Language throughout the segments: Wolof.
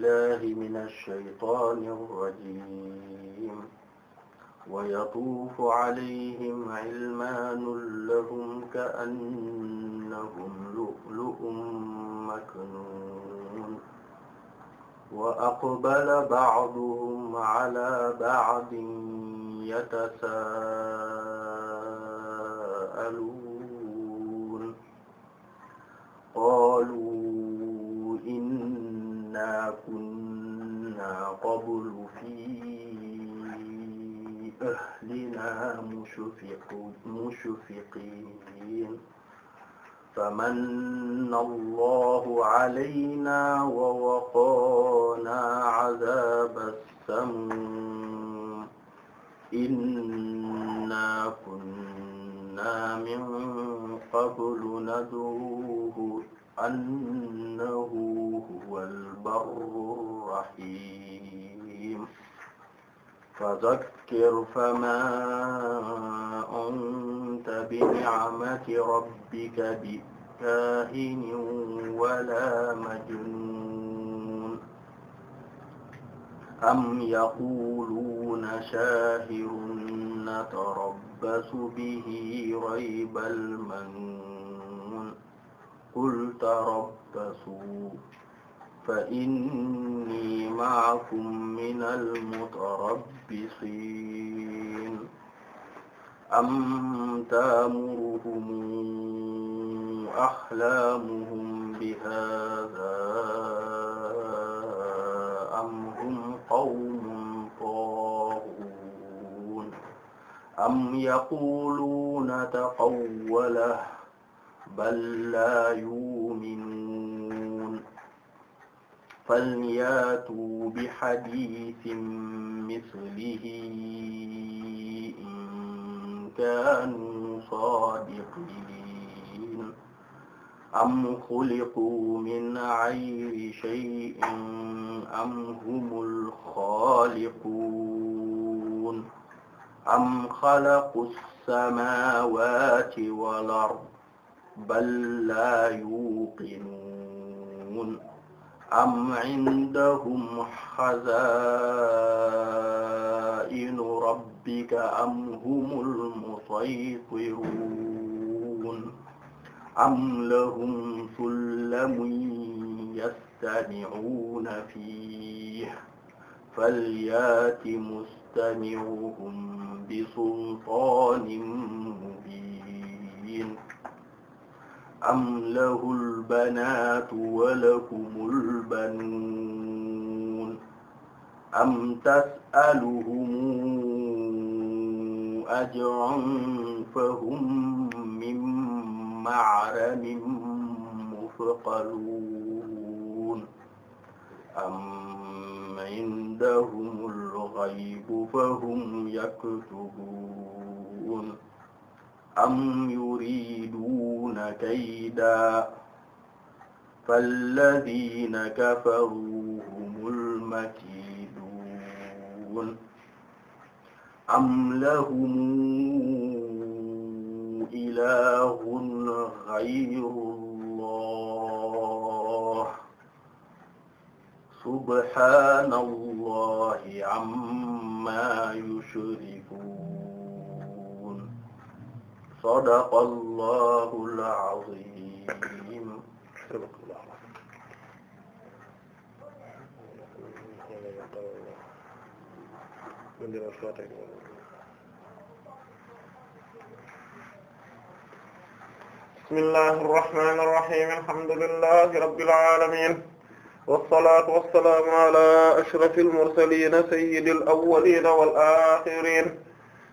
بالله من الشيطان الرجيم ويطوف عليهم غلمان لهم كأنهم لؤلؤ مكنون وأقبل بعضهم على بعض يتساءلون قالوا ما كنا قبل في أهلنا مشفقين فمن الله علينا ووقانا عذاب السموم إنا كنا من قبل ندعوه annahu huwal barru rahiim fazakkir famaa anta bi ni'mati rabbika bi kaahinin wala majnuun am yaquluuna shaa'irun natarabbasu bihi raybal manuun qul tarabbasu fa inni ma'akum minal mutarabbisiin am ta'muruhum ahlaamuhum bi haadhaa am hum qawmun taaghun am yaquluuna taqawwalahu بل لا يؤمنون فلياتوا بحديث مثله إن كانوا صادقين أم خلقوا من غير شيء أم هم الخالقون أم خلقوا السماوات والأرض bal laa yuuqinuun am indahum xazaa'inu rabbika am humul musaytiruun am lahum sullamun yastami'uuna fiihi falyaati mustami'uhum bi sultaanin mubiin am lahul banaatu wa lakumul banuun am tas'aluhum ajran fahum min ma'ramin مثقلون أم عندهم الغيب فهم يكتبون am yuriduuna kayda falladiina kafaru humul makiiduun am lahum ilaahun ghayrullaah subhaanallaahi ammaa yushrik sadaqallahul azim bismillahir rahmanir rahim alhamdulillahi rabbil alamin wassalatu wassalamu ala ashrafil mursalin sayyidil awwalin wal akhirin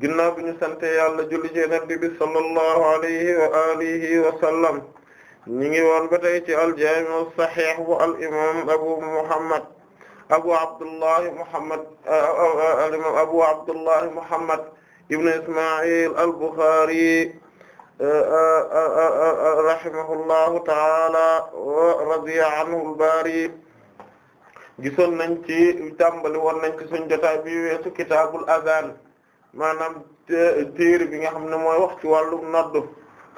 ginnaaw bi ñu sante yàlla julli ci nabi bi sallallahu alayhi wa alihi wa sallam ñi ngi woon ba tey ci al-jaami' as-sahih bu al imam abu muhammad abu abdullahi muhammad al imam abu abdullahi muhammad ibn isma'il al-bukhari rahimahullahu ta'ala wa radiya anhu al-baari gisoon nañ ci tàmbali woon nañ ci suñu jotaay bi weesu kitaabul adaan maanaam téere bi nga xam ne mooy wax ci wàllu noddu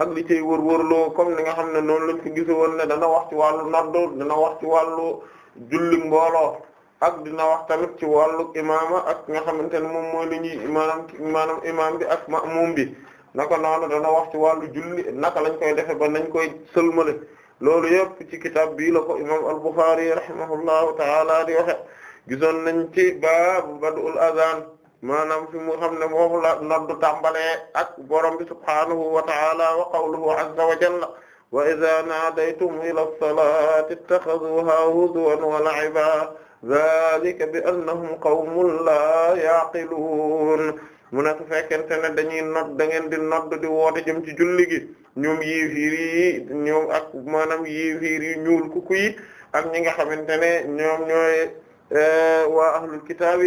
ak li cay wër-wërloo comme ni nga xam ne noonu lañ ko gise woon ne dana wax ci wàllu noddu dana wax ci wàllu julli mbooloo ak dina wax tamit ci wàllu imaama ak nga xamante ne moom mooy li ñuy maanaam maanaam imaam bi ak ma'muum bi naka noonu dana wax ci wàllu julli naka lañ koy defe ba nañ koy sëlmale loolu yëpp ci kitaab bii la ko imaam al-Bukhârî rahimahullahu taala di waxe gisoon nañ ci baabu bad'ul azaan maanaam fi mu xam ne foofu la noddu tàmbalee ak borom bi subhaanahu wa ta'ala wa qawluhu azza wa jalla wa idha nadaytum ila as-salati ittakhadhuha huzwan wa la'iba dhalika bi annahum qawmun la ya'qilun mu ne su fekkente ne dañuy nodd da ngeen di nodd di woote jëm ci julli gi yi ñoom maanaam yi ñuul kuku yi ak ñi nga xamante ne ñoom ñooy eh, waa ahlul kitaab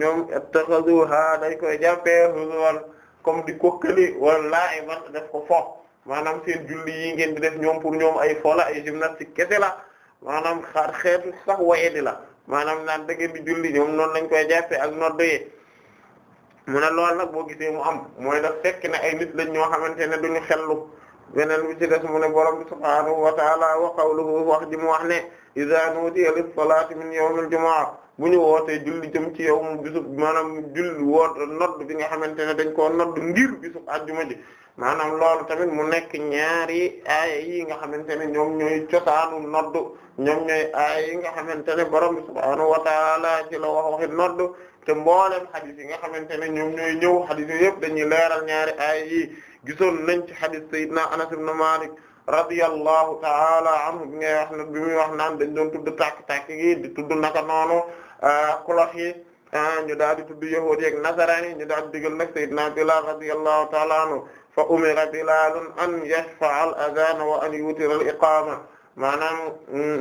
ñoom ittaxaduha dañ koy jàppee huzuwan comme di kokkali wala la'iban def ko fo maanaam seen julli yi ngeen di def ñoom pour ñoom ay fola ay gymnastique kese la maanaam xaar xeetu sax wayedi la maanaam naan da ngeen di julli ñoom noonu lañ koy jàppee ak nodd yi mu ne loolu nag boo gisee mu am mooy daf fekk na ay nit lañ ñoo xamante ne duñu xellu beneen bi ci des mu ne borom bi subhaanahu wa ta'ala wa qawluhu wax ji mu wax ne idha nudiya lis-salati min yawmil jumu'ah bu ñu wootee julli jëm ci yow mu bisub maanaam julli woot nodd bi nga xamante ne dañ koo nodd ngir bisub ajjuma ji maanaam loolu tamit mu nekk ñaari aaya yi nga xamante ne ñoom ñooy cosaanu nodd ñoom ñooy aaya yi nga xamante ne borom bi subhaanahu wa taala ci te mboolem xadis yi nga xamante ne ñoom ñooy ñëw xadis yi yëpp dañuy leeral ñaari aaya yi gisoon nañ ci xadis sayyidina Anas ibn Malik radiyallahu ta'ala anhu bi ngay wax ne bi muy wax naan dañ doon tudd tàkk-tàkk yi di tudd naka noonu kulox ah, yi ah, ñu daal di tudd yahuud yi ak nasaraan yi ñu daal di digal nag sayyidina Bilaal radiyallahu ta'ala anhu fa umira Bilaalun an yashfa'a al-adhaana wa an yutira al-iqaama maanaam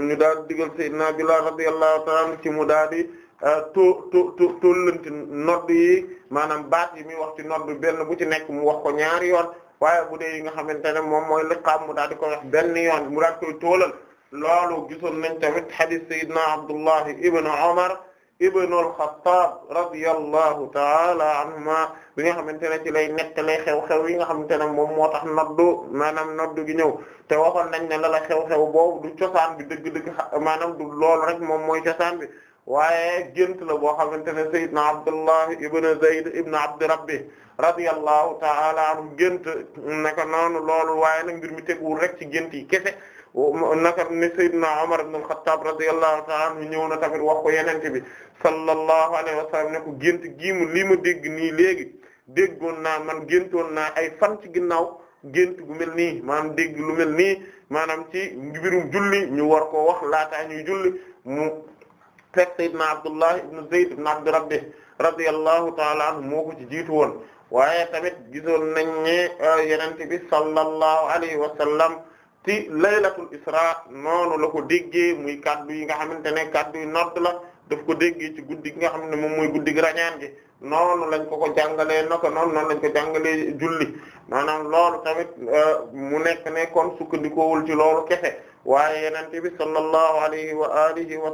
ñu daal di digal sayyidina Bilaal radiyallahu ta'ala anhu ci mu daal di to ah, to to tollanti nodd yi maanaam baat yi muy wax ci nodd benn bu ci nekk mu wax ko ñaari yoon waaye bu dee yi nga xamante ne moom mooy liqaam mu daal di ko wax benn yoon mu daal koy toolal loolu gisoon nañ tamit hadith sayyidina Abdullah ibn Umar ibn al-Khattab radiyallahu ta'ala anhuma bi nga xamante ne ci lay nettalee xew-xew yi nga xamante ne moom moo tax noddu maanaam noddu gi ñëw te waxoon nañ ne la la xew-xew boobu du cosaan bi dëgg-dëgg maanaam du loolu rek moom mooy cosaan bi waaye gént la boo xamante ne sayyidina Abdullah ibn Zayd ibn Abd Rabbi radiyallahu ta'ala anhu gént naka noonu loolu waaye nag mbir mi teguwul rek ci gént yi kese naka ne Seydina Omar ibn al radiyallahu ta'ala anhu ñëw na tamit wax ko bi sallallahu alayhi wa ne ko gént gii mu lii ma dégg nii léegi déggoon na man géntoon naa ay fan ci ginnaaw gént gu mel nii maanaam dégg lu mel ni maanaam ci mbirum julli ñu war koo wax laataa ñuy julli mu fekk Seydina Abdullah ibn Zayd ibn Abd Rabbi radiyallahu ta'ala anhu moo ko ci jiitu woon waaye tamit gisoon nañ ne ah, yonent bi sallallahu alayhi wa ti ci laylatul isra noonu la ko déggee muy kaddu yi nga xamante ne kaddu yu nodd la ko déggee ci guddi gi nga xam ne moom mooy guddi gi rañaan gi noonu lañ ko ko jàngalee naka noonu noonu lañ ko jàngalee julli maanaam loolu tamit ah, mu nekk ne kon sukkandikoowul ci loolu kese waaye yonent bi sallallahu alayhi wa alihi wa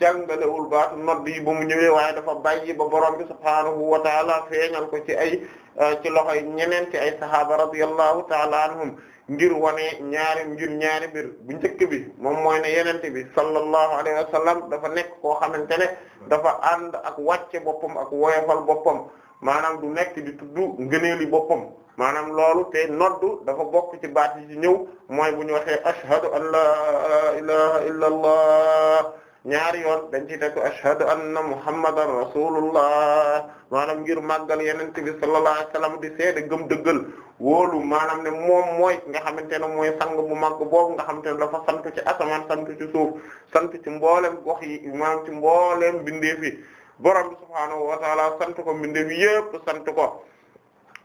jàngalewul baatu nodd yi ba mu ñëwee waaye dafa bàyyi ba borom bi subhaanahu wa taala feeñal ko ci ay eh, ci loxo loxoy ñeneen ci ay sahaaba radiyallahu taala anhum ngir wane ñaari ngir ñaari mbir bu njëkk bi moom mooy ne yenente bi sallallahu alayhi wa sallam dafa nekk koo xamante ne dafa ànd ak wàcce boppam ak woyofal boppam maanaam du nekk di tudd ngëneeli boppam maanaam loolu te noddu dafa bokk ci baat yi ci ñëw mooy bu ñu waxee ashhadu an la ilaha illa ñaari yoon dañ ci teg ashhadu anna muhammadan rasulullah maanaam ngir màggal yeneen bi sallallahu alayhi wasallam di gëm dëggal wóolu maanaam ne moom mooy nga xamante ne mooy sang bu màgg boobu nga xamante ne dafa sant ci asamaan sant ci suuf sant ci mboolem gox yi maanaam ci mboolem bindeef yi borom bi subhaanahu wa taala sant ko bindeef yépp sant ko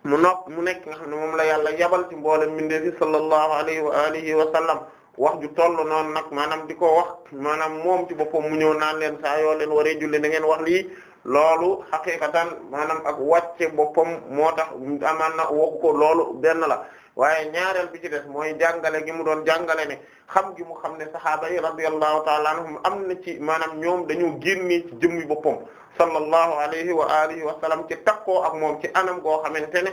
mu nokk mu nekk nga xam ne moom la yàlla yabal ci mboolem bindeef yi sallallahu alayhi wa alihi wa sallam wax ju toll noonu nag maanaam di ko wax maanaam moom ci boppam mu ñëw naan leen saa yoo leen waree julli na ngeen wax lii loolu xaqiqatan maanaam ak wàcce boppam moo tax amaan na waxu ko loolu benn la waaye ñaareel bi ci des mooy jàngale gi mu doon jàngale ne xam gi mu xam ne sahaaba yi radiyallahu taala anhum am na ci maanaam ñoom dañoo génnee ci jëmmi boppam sallallahu alayhi wa alihi wa sallam ci takkoo ak moom ci anam goo xamante ne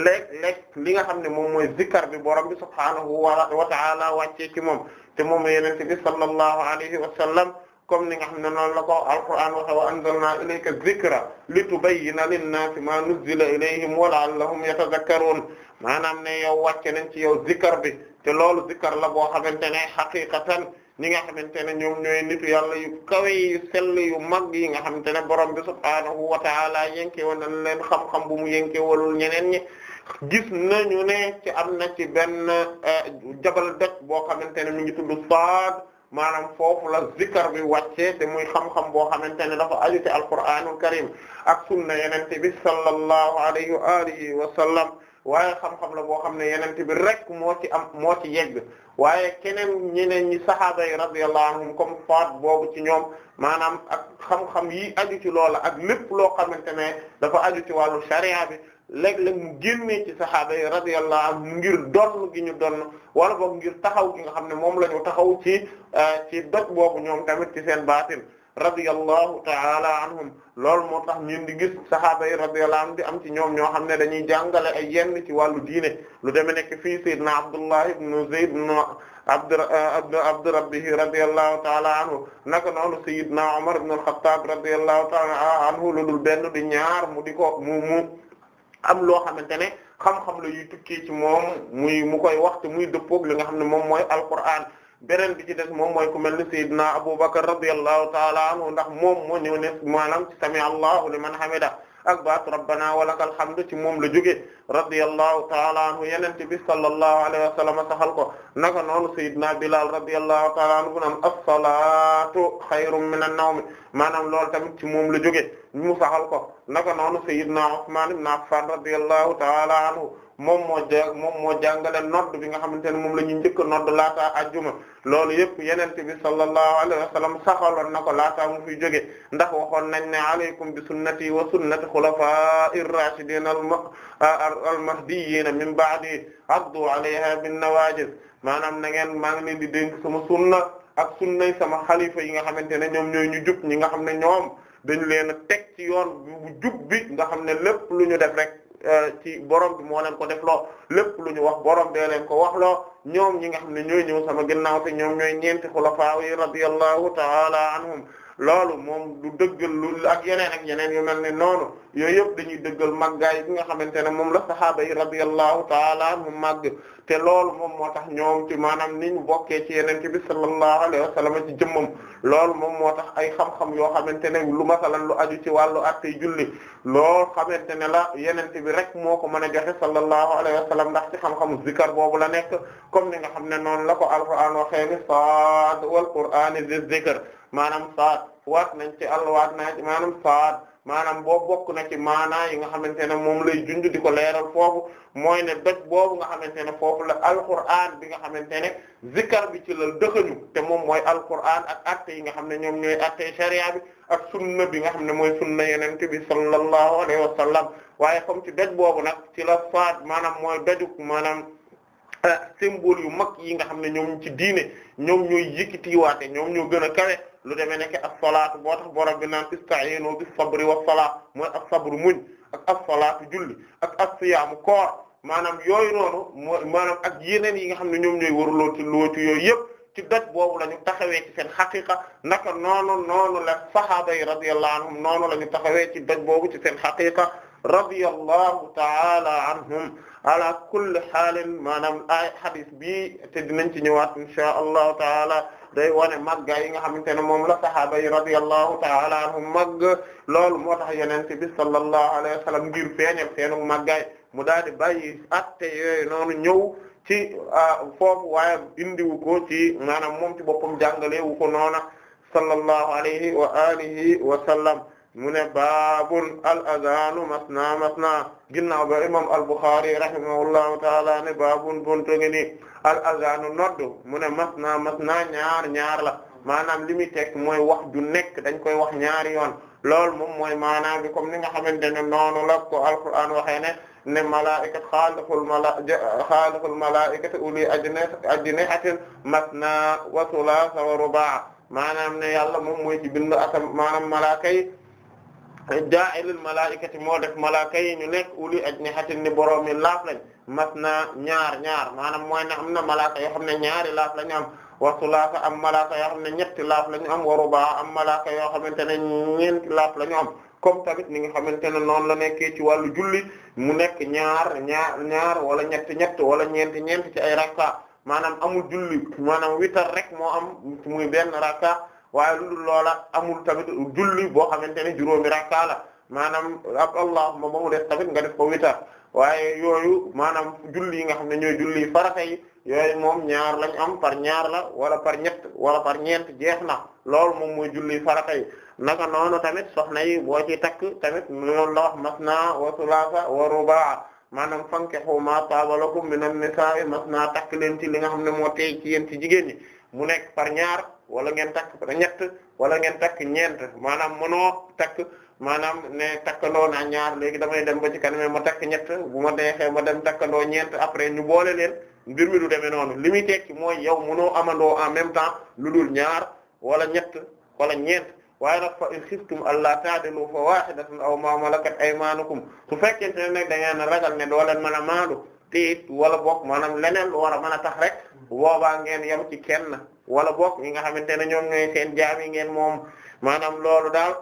léeg-léeg li nga xam ne moom mooy zikkar bi borom bi subhaanahu wa ta'ala wàccee ci moom te moom yenente bi sallallahu alayhi wa sallam comme ni nga xam ne noonu la ko alquran waxe wa anzalna ilayka dhikra litubayyina lin-naasi ma nuzzila ilayhim wa la'allahum yatadhakkarun maanaam ne yow wàcce nañ ci yow zikkar bi te loolu zikkar la boo xamante ne haqiqatan ni nga xam xamante ne ñoom ñooy nitu yàlla yu kawe yu sell yu mag yi nga xamante ne borom bi subhaanahu wa ta'ala yenkee woon na leen xam bu mu yenkee walul ñeneen ñi gis nañu ne ci am na ci benn eh, jabal doj boo xamante ne mu ngi tudd Saad maanaam foofu la zikar bi wàcce te muy xam-xam boo xamante ne dafa aju ci alquraanul karim ak sunna yenente bi sallallahu alayhi wa alihi wa sallam waaye xam-xam la boo xam ne yenente bi rek moo ci am moo ci yegg waaye keneen ñeneen ñi sahaaba yi radiyallahu anhum comme faat boobu ci ñoom maanaam ak xam-xam yi aju ci loola ak lépp loo xamante ne dafa aju ci wàllu sharia bi léeg-léeg mu génnee ci saxaaba yi radiyallahu anhum ngir donn gi ñu donn wala boog ngir taxaw ki nga xam ne moom la ñu taxaw ci euh, ci doj boobu ñoom tamit ci seen baatin radiyallahu ta'ala anhum loolu moo tax ñun di gis saxaaba yi radiyallahu anhum di am ci ñoom ñoo xam ne dañuy jàngale ay yenn ci wàllu diine lu deme nekk fii sayyidna Abdullah ibn Zayd ibn euh, abd abd rabbihi radiyallahu ta'ala anhu naka noonu sayyidna Umar ibn al-Khattab radiyallahu ta'ala anhu lu dul ñaar mu di ko mu am loo xamante ne xam-xam la yuy tukkee ci moom muy mu koy wax te muy dëppoog li nga xam ne moom mooy alquran beneen bi ci des moom mooy ku mel ni Seydina Abubakar radiyallahu taala anhu ndax moom moo ñëw ne maanaam ci sami allahu liman hamida ak baat rabbana walakal alhamdu ci moom la jóge radiyallahu taala anhu yenente bi sallallahu alayhi wa sallam saxal ko naka noonu sayyidina Bilal radiyallahu taala anhu bu naan as-salaatu xayrun min an-nawm maanaam lool tamit ci moom la jóge mu saxal ko naka noonu sayyidina Usmaan ibn Affan radiyallahu taala anhu moom moo moom moo jàngale nodd bi nga xamante ne moom la ñuy njëkk nodd laataa ajjuma loolu yëpp yenente bi sallallahu alayhi wa sallam saxaloon na ko laata mu fi jóge ndax waxoon nañ ne alaykum bi sunnati wa sunnati xulafa'ir rashidin al mahdiyyin min ba'di addu alayha bin nawajid maanaam na ngeen maa ngi leen di dénk sama sunna ak sunnay sama xalifa yi nga xamante ne ñoom ñooy ñu jub ñi nga xam ne ñoom dañu leen a teg ci yoon bu jub bi nga xam ne lépp lu ñu def rek euh, ci borom bi moo leen ko def loo lépp lu ñu wax borom dee leen ko wax lo ñoom ñi nga xam ne ñooy ñëw sama ginnaaw te ñoom ñooy ñeenti xulafaa yi radiyallahu ta'ala anhum loolu moom lu dëggël lu ak yeneen ak yeneen yu mel ne noonu yooyu yëpp dañuy dëggal màggaay bi nga xamante ne moom la sahaaba yi radiyallahu taala mu màgg te loolu moom moo tax ñoom ci maanaam ni ñu bokkee ci yeneen bi sallallahu alayhi wa sallam ci jëmmam loolu moom moo tax ay xam-xam yoo xamante ne lu masalan lu aju ci wàllu attey julli loolu xamante ne la yeneen bi rek moo ko mën a joxe sallallahu alayhi wa sallam ndax ci xam-xamu zikar boobu la nekk comme ni nga xam ne noonu la ko alquran waxee ni saad wal qur'an zi zikr maanaam waat nañ ci Allah waat naa ci maanaam saad maanaam boo bokk na ci maanaa yi nga xamante ne moom lay junj di ko leeral foofu mooy ne doj boobu nga xamante ne foofu la alquran bi nga xamante ne zikar bi ci la dëxañu te moom mooy alquran ak atte yi nga xam ne ñoom ñooy atte sharia bi ak sunna bi nga xam ne mooy sunna yenente bi sallallahu alayhi wa sallam waaye comme ci doj boobu nag ci la faat maanaam mooy dojug maanaam eh, symbole yu mag yi nga xam ne ñoom ci diine ñoom ñooy yëkkatiwaate ñoom ñoo gën a kawe lu demee nekk as-salaatu boo tax borom bi naan ista'iinu bis-sabri was-salaat mooy as-sabru muñ ak as-salaatu julli ak as-siyaamu koor maanaam yooyu noonu mooy maanaam ak yeneen yi nga xam ne ñoom ñooy waruloo ci loo ci yooyu yëpp ci doj boobu la ñu taxawee ci seen xaqiqa naka noonu noonu la sahaaba yi radiyallahu anhum noonu la ñu taxawee ci doj boobu ci seen xaqiqa radiyallahu ta'ala anhum ala kulli xaalin maanaam ay hadis bi te dinañ ci ñëwaat insha allahu taala day wane màgga yi nga xamante ne moom la sahaaba yi radiyallahu ta'ala anhum màgg loolu moo tax yenente bi sallallahu alayhi wa sallam ngir feeñal seenu màggaay mu daal di bàyyi atte yooyu noonu ñëw ci ah, foofu waaye indiwu ko ci maanaam moom ci boppam jàngalewu ko noona sallallahu alayhi wa alihi wa sallam mu ne baabun al azanu masna masna ginnaaw ba imam al Bukhari rahimahullahu taala ne baabun buntu ngi ni al azanu noddu mu masna masna ñaar ñaar la maanaam li muy teg mooy wax ju nekk dañ koy wax ñaari yoon loolu moom mooy maanaam bi comme ni nga xamante ne noonu la ko alquran waxee ne ne malaika xaaliful mala xaaliful malaikati uli ajne ajnihatin masna wa thulatha wa rubaa maanaam ne yàlla moom mooy ci bind atam maanaam malaaka jaa'ilul malaa'ikati moo def malaaka yi ñu nekk uli ajnihatin ni borom mi laaf lañ mas na ñaar ñaar maanaam mooy ne am na malaaka yoo xam ne ñaari laaf lañu am wa sulaasa am malaaka yoo xam ne ñetti laaf lañu am wa rubaa am malaaka yoo xamante ne ñeenti laaf lañu am comme tamit ni nga xamante ne noonu la nekkee ci wàllu julli mu nekk ñaar ñaar ñaar wala ñetti ñett wala ñeenti ñeenti ci ay rakka maanaam amul julli maanaam witar rek moo am muy benn rakka. waaye lu dul loola amul tamit julli boo xamante ne juróomi rakka la maanaam ab allahuma ba mu des tamit nga def ko witar waaye yooyu maanaam julli yi nga xam ne ñooy julli farata yi yooyu moom ñaar am par ñaar la wala par ñett wala par ñeent jeex na loolu moom mooy julli farata yi naka noonu tamit soxna yi boo ci takk tamit loolu la wax masna wa sulaasa wa rubaa maanaam fankihu ma taaba lakum minan nisaa'i masna takk leen ci li nga xam ne moo tey ci yéen ti jigéen ñi mu nekk par ñaar wala ngeen takk ñett wala ngeen takk ñeent maanaam mënoo takk maanaam ne takkandoo naa ñaar léegi damay dem ba ci kanam ma takk ñett bu ma deexee ma dem takkandoo ñeent après ñu boole leen mbir mi du demee noonu li muy tekki mooy yow mënoo amandoo en même temps lu dul ñaar wala ñett wala ñeent waaye na fa in xiftum allaa ta'dilu fa wahidatan aw ma malakat aymanukum su fekkente ne nag da ngeen ragal ne doo leen mën a maandu te it wala bokk maanaam leneen lu war a mën a tax rek woowaa ngeen yem ci kenn wala bokk ñi nga xamante ne ñoom ñooy seen jaam ngeen moom maanaam loolu daal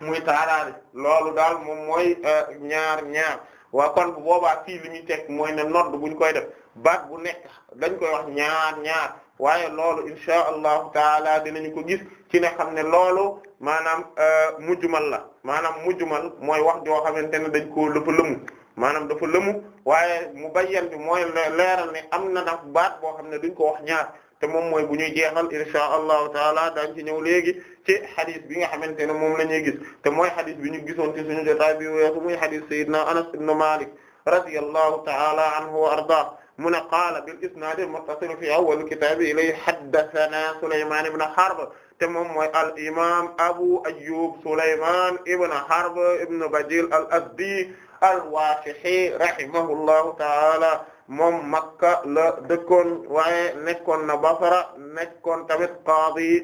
muy taaraari loolu daal moom mooy euh, ñaar ñaar waa kon bu boobaa fii li muy teg mooy ne nodd buñ koy def baat bu nekk dañ koy wax ñaar ñaar waaye loolu insha allahu taala dinañu ko gis ci ne xam ne loolu maanaam euh, mujjumal la maanaam mujjumal mooy wax joo xamante ne dañ ko dafa lëmu maanaam dafa lëmu waaye mu bayyan bi mooy leeral ne am na nag baat boo xam ne dañ ko wax ñaar te moom mooy bu ñuy jeexal inshaa allahu taala daañ ci ñëw léegi ci xadis bi nga xamante ne moom la ñuy gis te mooy xadis bi ñu gisoon ci suñu jotaay bi weesu muy xadis sayyidina anas ibn malik radiyallahu mu na qaala bil isnaad al muttasil fi awwal kitaab ilay haddathana Sulaymaan ibn Harb te moom mooy al imaam Abu Ayyub Sulaymaan ibn Harb ibn Bajil al Azdi al Washihi rahimahullahu ta'ala moom Makka la dëkkoon waaye nekkoon na Basra nekkoon tamit qaadi yi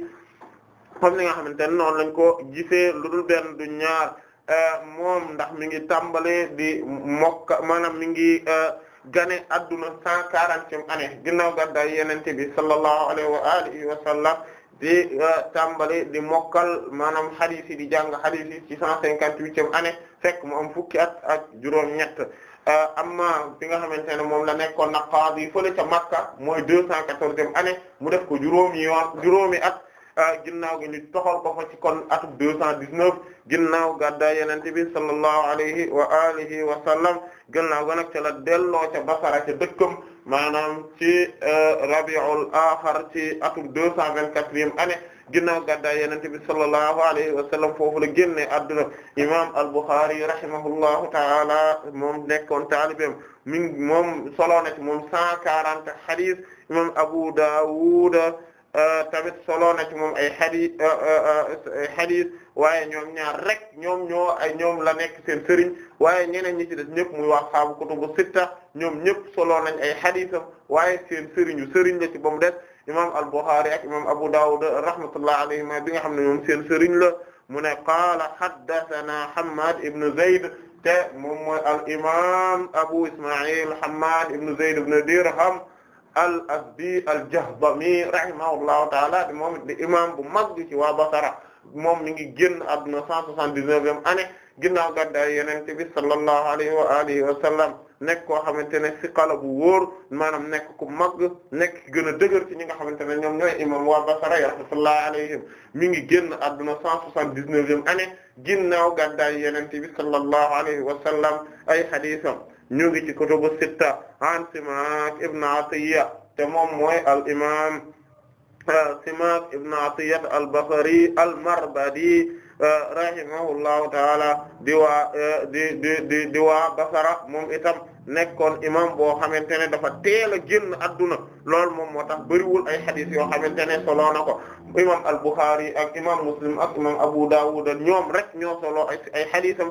comme ni nga xamante ne noonu lañ ko gisee lu dul benn du ñaar euh, moom ndax mi ngi tàmbale di mokka maanaam mi ngi euh, gane adduna cent quarantième année ginnaaw gàddaay Yonent bi sallallahu alayhi wa alihi wa di euh, tàmbale mokkal maanaam hadith yi di jàng hadith yi ci cent cinquante-huitième année fekk mu am fukki at ak juróom ñett Euh, amma fi nga xamante ne moom la nekkoon na qaadi fële ca Makka mooy deux cent quatorzième année mu def ko juróomi yoon juróomi at euh, ginnaaw gi ñu toxal ko fa ci kon atub deux cent dix ginnaaw gàddaay Yonent bi sallallahu alayhi wa alihi wa sallam ginnaaw ga nag ca la delloo ca Basra ca dëkkam maanaam ci euh, Rabiul Aaxir ci atub deux cent vingt-quatrième année ginnaaw gàddaay yenente bi sallallahu alayhi wa sallam foofu la génne adduna imam al-Bukhari rahimahullahu ta'ala moom nekkoon taalibeem min moom solo na moom cent quarante hadith imam Abu Dawud euh, tamit solo na moom ay hadith euh, euh, ay waaye ñoom ñaar rek ñoom ñoo ay ñoom la nekk seen sëriñ waaye ñeneen ñi ci des ñëpp muy wax xaabu kutubu sitta ñoom ñëpp solo nañ ay haditham waaye seen sëriñu sëriñ la ci ba des imam al-Bukhari ak imam Abu Dawud rahmatullah alayhima bi nga xam ne ñoom seen sëriñ la mu ne qaala haddathana Hammad ibn Zayd te moom mooy al imam Abu Isma'il Hammad ibn Zayd ibn Dirham al-Azdi al-Jahdami rahimahullahu ta'ala di moom di imam bu mag ci waa Basra moom mi ngi génn àdduna 179e année ginnaaw gàddaay Yonent bi sallallahu alayhi wa alihi wa sallam nekk koo xamante ne siqala bu wóor maanaam nekk ku mag nekk gën a dëgër ci ñi nga xamante ne ñoom ñooy imam waa Basra rahmatullahi alayhim mi ngi génn adduna cent soixante-dix-neuvième année ginnaaw gàddaay yenente bi sallallahu alayhi wa sallam ay hadisam ñu ngi ci kutubu sitta an Simak ibn Atiyya te moom mooy al imam ah, Simak ibn Atiyya al-Basri al-Marbadi ah, rahimahullahu taala di waa ah, di di di di waa Basra moom itam nekkoon imam boo xamante ne dafa teel a génn adduna loolu moom moo tax bëriwul ay xadis yoo xamante ne soloo na ko imam al-Bukhari ak imam Muslim ak imam Abu Dawud ñoom rek ñoo soloo ay ay xadisam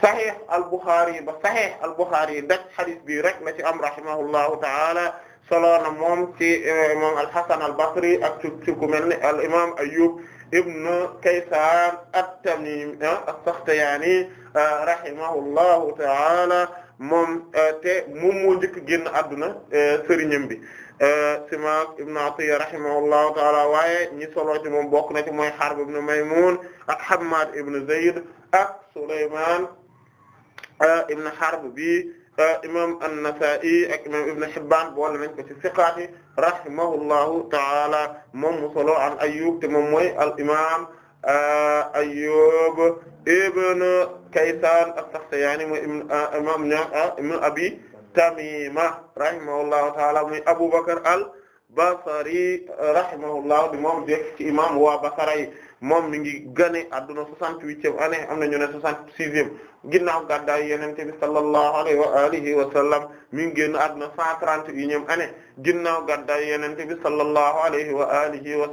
saxiix al-Bukhari ba saxiix al-Bukhari daj xadis bi rek na ci am rahimahullahu taala soloo na moom ci eh, imam al-Hasan al-Basri ak ci ci mel ni al imam Ayyub ibn Kaysaan at-Tamimi eh, as-Saxtiyaani eh, rahimahullahu taala moom euh, te moom moo njëkk génn adduna euh, sëriñam bi Simaak euh, ibn Atiyya rahimahullahu taala waaye ñi solo ci moom bokk na ci mooy Harb ibn Maymun ak Hammad ibn Zayd ak Sulaymaan ibn Harb bi imam an-Nasa'i ak imam Ibn Hibban boole nañ ko ci siqaati rahimahullahu taala moom mu solo an Ayyub te moom mooy al imam Ayyub ibn Kaysan as-Saxtiyaani mooy imam ibn Abi Tamiima rahimahullahu ta'ala muy Abu Bakr al-Basri rahimahullahu di moom dëkk ci imam waa Basra yi moom mi ngi gane adduna soixante-huitième année am na ñu ne soixante-sixième ginnaaw gàddaay Yonent bi sallallahu alayhi wa alihi wa sallam mi ngi génn adduna cent trente et unième année ginnaaw gàddaay Yonent bi sallallahu alayhi wa alihi wa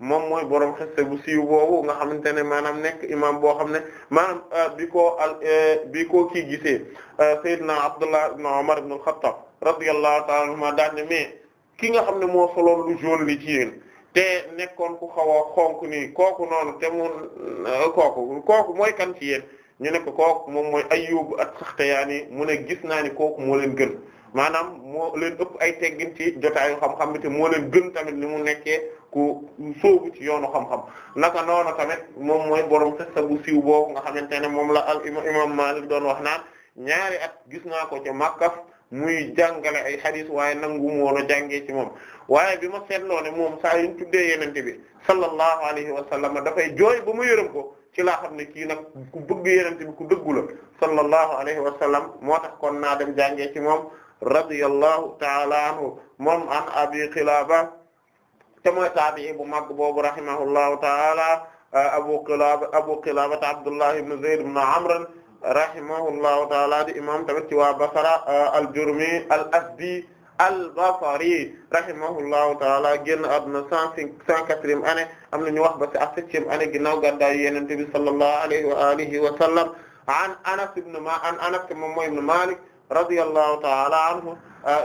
moom mooy borom xeste bu siiw boobu nga xamante ne maanaam nekk imam boo xam ne maanaam euh, bi ko al euh, bi ko kii gisee euh, Seydina Abdullah ibn Umar ibn al-Khattab radiyallahu ta'ala anhuma daan ne mais ki nga xam ne moo soloon lu jaune li ci te nekkoon ku xaw a xonk nii kooku noonu te mu kooku kooku mooy kan ci ñu ne ko kooku moom mooy Ayyub as-Saxtiyaani mu ne gis naa ni kooku moo leen gën maanaam moo leen ëpp ay teggin ci jotaayu xam-xam bi te moo leen gën tamit li mu nekkee ku sóobu ci yoonu xam-xam naka noonu tamit moom mooy borom xissa bu siiw boo nga xamante ne moom la al imam Malik doon wax naan ñaari at gis naa ko ca Makka muy jàngale ay hadith waaye nangu mu woon a jàngee ci moom waaye bi ma seetloo ne moom saa yu ñu tuddee yenente bi sallallahu alayhi wa sallam dafay jooy ba mu yërëm ko ci laa xam ne kii nag ku bëgg yenente ku dëggu la sallallahu alayhi wa sallam moo tax kon naa dem jàngee ci moom radiyallahu ta'ala anhu moom an abi qilaba te mooy taabii bu mag boobu rahimahullahu taala abu qilaba abu qilaba abdullah ibn zayd ibn amr rahimahullahu taala di imam tamit ci waa basara al-jurmi al-asdi al-basri rahimahullahu taala génn àdduna cent cinq cent quatrième année am na ñu wax ba ci ak septième année ginnaaw gàddaay Yonent bi sallallahu alayhi wa alihi wa sallam an Anas ibn Ma an Anas moom mooy ibn Malik radiyallahu taala anhu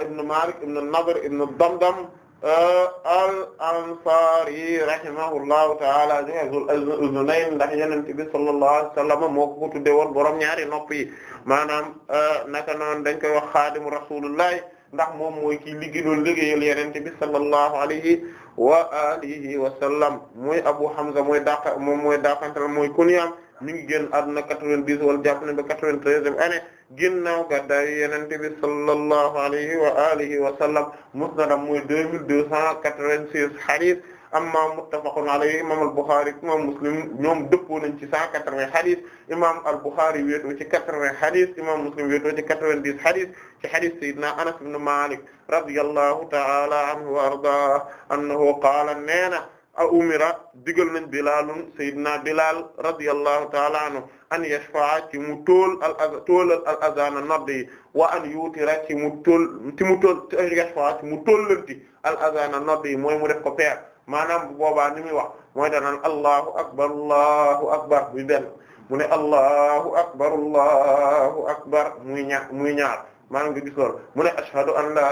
ibn Malik ibn an-Nadr ibn Damdam Euh, al ansari rahimahullahu taala Zunayn ndax Yonent bi sallallahu alayhi wa sallam moo ko tudde woon borom ñaari nopp yi maanaam euh, naka noonu dañ koy wax xaadimu rasuulullahi ndax moom mooy kii liggéey doon liggéeyal Yonent bi sallallahu alayhi wa alihi wa sallam mooy Abu Hamza mooy dàq moom mooy dàqantal mooy kunyaam mi ngi génn àdduna 90 wala jàpp na ba 93e année ginnaaw gàddaay yenente bi sallallahu alayhi wa alihi wa sallam musnadam mooy deux mille deux cent quatre-vingt-six hadith amma muttafaqun alayhi imam al-Bukhari imam Muslim ñoom dëppoo nañ ci cent quatre-vingts hadith imam al-Bukhari wéetoo ci quatre-vingts hadith imam Muslim wéetoo ci quatre-vingt-dix hadith ci hadith sayyidina Anas ibn Malik radiyallahu ta'ala anhu wa ardaah annahu qaala neena a umira digal nañ Bilalun sayyidina Bilal radiyallahu ta'ala anhu an yashfa'a mu tool al az toolal al azana mu tool ci mu mu tollanti al azana yi mooy def ko peer maanaam boobaa ni muy wax mooy danaan allahu akbar allahu akbar muy benn mu ne allahu akbar allahu akbar muy ñaar muy ñaar maanaam nga mu ne ashhadu an la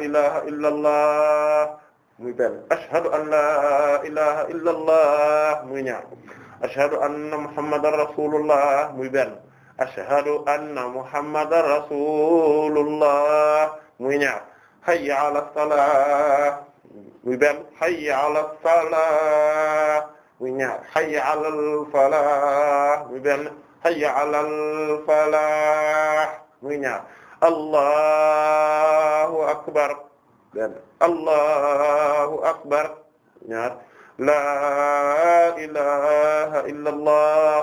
ilaha illa allah muy benn ashhadu an la ilaha illa allah muy ñaar ashhadu anna muhammadan rasulullah muy benn ashhadu anna muhammadan rasulullah muy ñaar hayya ala salah muy benn hayya ala salah muy ñaar hayya ala falah muy benn hayya ala falah muy ñaar allahu akbar benn allahu akbar ñaar laa ilaha illa